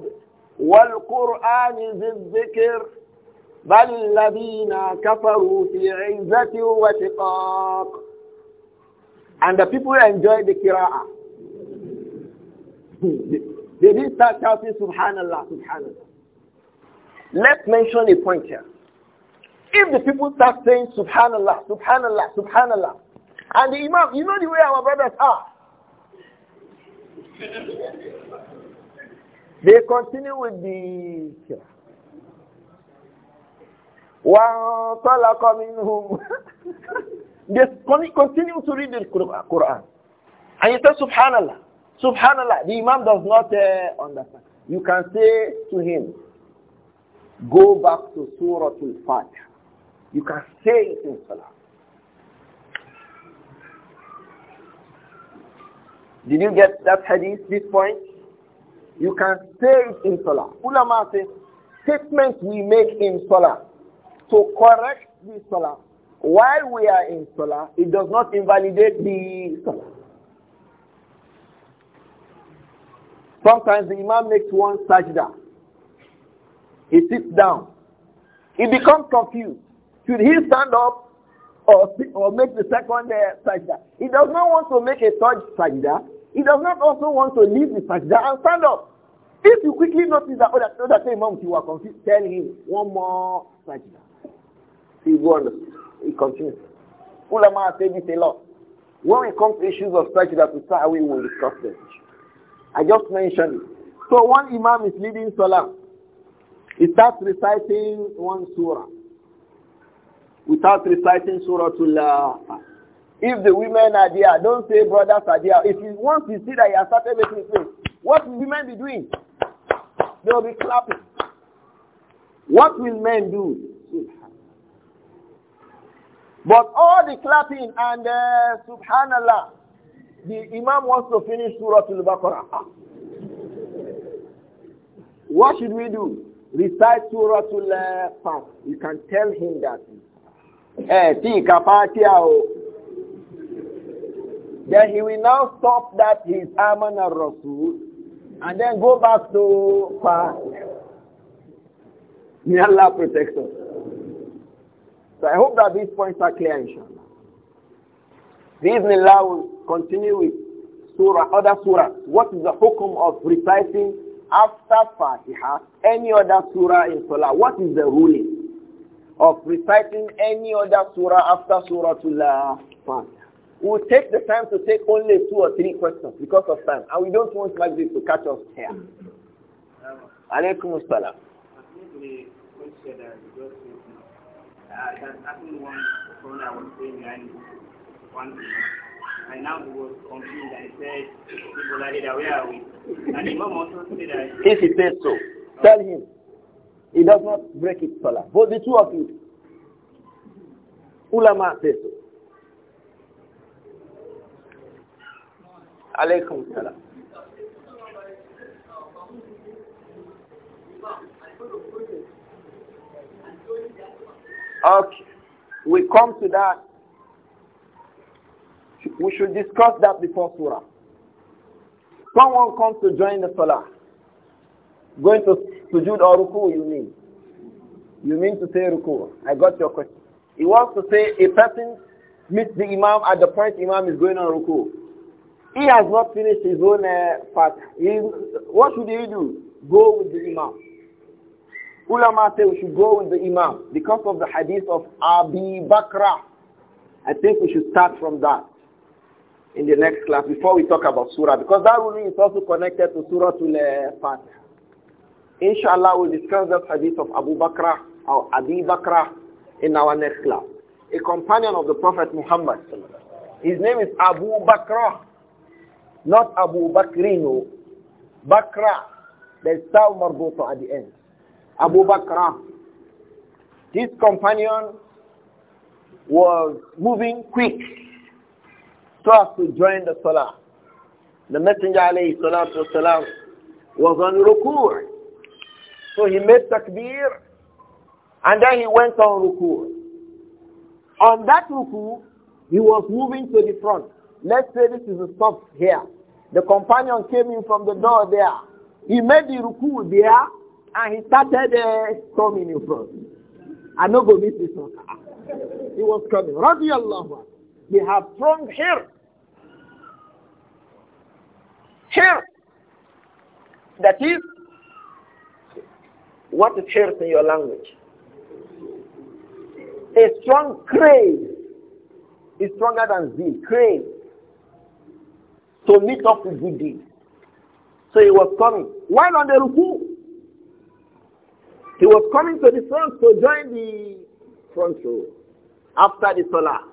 والقرآن ذي الذكر بل الذين كفروا في عزة وشقاق And the people enjoyed the Qira'ah. they didn't start shouting Subhanallah, Subhanallah. Let's mention a point here. If the people start saying Subhanallah, Subhanallah, Subhanallah, and the Imam, you know the way our brothers are. They continue with the وَانْطَلَقَ مِنْهُمْ They continue to read the Quran. And you tell Subhanallah, Subhanallah, the Imam does not uh, understand. You can say to him, go back to Surah Al-Fatiha. You can say it in Salah. Did you get that hadith, this point? You can say it in Salah. Ulama says, statements we make in Salah to correct the Salah. While we are in Salah, it does not invalidate the Salah. Sometimes the Imam makes one sajda. He sits down. He becomes confused. Should he stand up or, or make the second uh, sajda? He does not want to make a third sajda he does not also want to leave the sajda and stand up. If you quickly notice that other, other time, Imam, you are confused, tell him one more sajda. He goes. on. He continues. Ulama say this a lot. When it comes to issues of sajda to start, we will discuss them. I just mentioned it. So one Imam is leading Salah. He starts reciting one surah without reciting Surah Al-Fatiha. If the women are there, don't say brothers are there. If you once you see that you have started making mistakes, what will women be doing? They will be clapping. What will men do? But all the clapping and uh, subhanallah, the imam wants to finish Surah Al-Baqarah. What should we do? Recite Surah al baqarah You can tell him that. Eh, then he will now stop that his Aman al Rasul and then go back to Far. May Allah protect us. So I hope that these points are clear, inshallah. Allah will continue with surah, other surah. What is the hukum of reciting after Fatiha, any other surah in Salah? What is the ruling of reciting any other surah after Surah Fatiha? we will take the time to take only two or three questions because of time. And we don't want like this to catch us here. Alaykum assalam. I now was confused and said, people are that where are we? And the mom also said that... If he says so, tell him. He does not break his salah. Both the two of you. Ulama says so. salam. Okay. We come to that. We should discuss that before Surah. Someone comes to join the Salah. Going to sujood or ruku, you mean? You mean to say ruku. I got your question. He wants to say a person meets the Imam at the point Imam is going on ruku. He has not finished his own uh, part. He, what should he do? Go with the Imam. Ulama say we should go with the Imam because of the hadith of Abi Bakr. I think we should start from that in the next class before we talk about Surah because that will is also connected to Surah uh, al Part. Inshallah, we'll discuss the hadith of Abu Bakra or Abi Bakr in our next class. A companion of the Prophet Muhammad. His name is Abu Bakr. Not Abu Bakrino. Bakra. There's Tau Marbuta at the end. Abu Bakra. This companion was moving quick so as to join the Salah. The Messenger alayhi salatu wasalam was on rukur. So he made takbir and then he went on rukur. On that ruku, he was moving to the front. Let's say this is a stop here. The companion came in from the door there. He made the ruku there and he started uh, storming in front. I know go meet this one. He was coming. Radiallahu They have thrown here. Here. That is, what is here in your language? A strong craze is stronger than zeal. Craze to meet up with good deeds. So he was coming. While on the ruku, he was coming to the front to join the front row after the salah.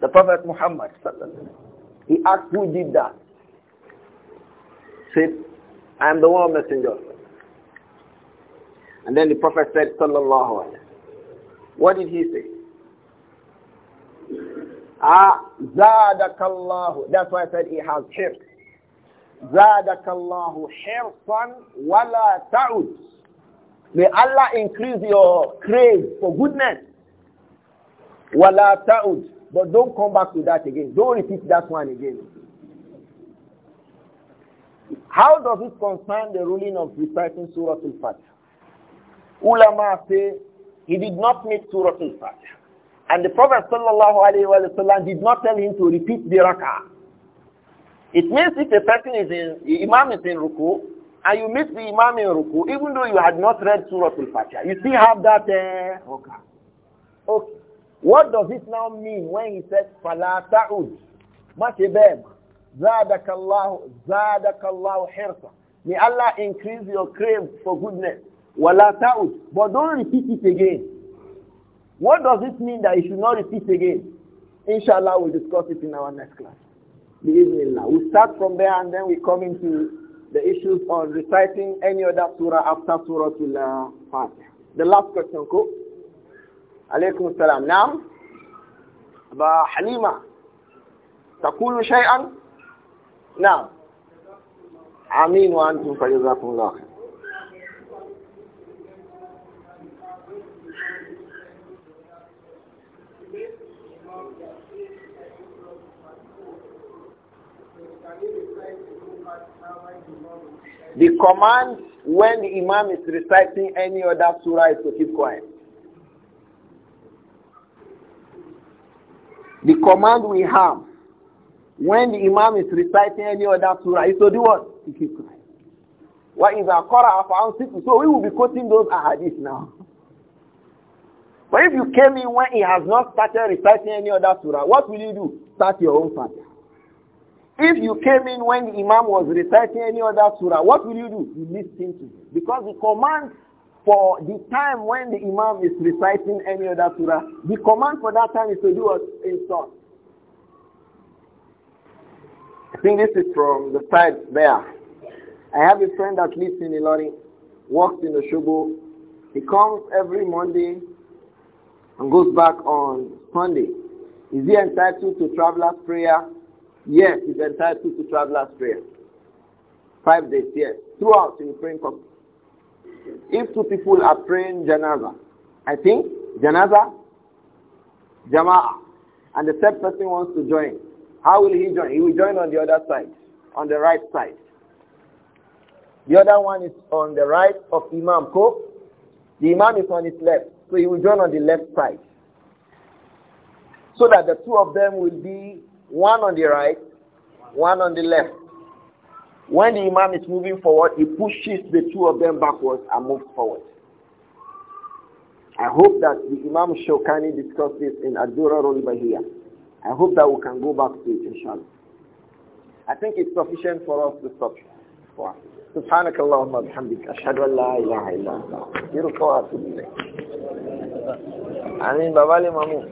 The Prophet Muhammad, he asked who did that. Said, I am the one messenger. And then the Prophet said, Sallallahu Alaihi What did he say? Ah, Zadakallahu. That's why I said he has hirs. Zadakallahu hirsan wala ta'ud. May Allah increase your craze for goodness. Wala ta'ud. But don't come back to that again. Don't repeat that one again. How does it concern the ruling of reciting Surah Al-Fatiha? Ulama say he did not make Surah Al-Fatiha. And the Prophet ﷺ did not tell him to repeat the rak'ah. It means if a person is in, imam is in ruku, and you meet the imam in ruku, even though you had not read Surah Al-Fatiha, you still have that uh, eh, okay. okay. What does it now mean when he says, فَلَا تَعُدْ مَشِبَيْمَ زَادَكَ اللَّهُ زَادَكَ اللَّهُ حِرْصًا May Allah increase your crave for goodness. وَلَا تَعُدْ But don't repeat it again. What does this mean that it should not repeat again? Inshallah, we'll discuss it in our next class. Bismillah. We start from there and then we come into the issues on reciting any other surah after Surah uh, Al-Fatiha. The last question, Ko. Alaykum salam. Now, Ba Halima, تقول شيئا؟ نعم. آمين وأنتم فجزاكم الله The command when the imam is reciting any other surah is to keep quiet. The command we have when the imam is reciting any other surah is to do what? To keep quiet. What is our Qur'an found So we will be quoting those ahadith now. But if you came in when he has not started reciting any other surah, what will you do? Start your own surah. If you came in when the Imam was reciting any other surah, what will you do? You listen to him. Because the command for the time when the Imam is reciting any other surah, the command for that time is to do a Insult. I think this is from the side there. I have a friend that lives in Ilori, works in Oshobo. He comes every Monday and goes back on Sunday. Is he entitled to traveler's prayer? Yes, he's entitled to traveler's prayer. Five days, yes. Throughout in praying company. If two people are praying janaza, I think janaza, jama'ah, and the third person wants to join, how will he join? He will join on the other side, on the right side. The other one is on the right of Imam Ko. The Imam is on his left, so he will join on the left side. So that the two of them will be one on the right, one on the left. When the imam is moving forward, he pushes the two of them backwards and moves forward. I hope that the Imam Shokani discussed this in Adura Rulbahiyya. I hope that we can go back to it, inshallah. I think it's sufficient for us to stop. سبحانك اللهم وبحمدك أشهد أن لا إله إلا أنت أستغفرك وأتوب إليك. آمين بابا لي مامو.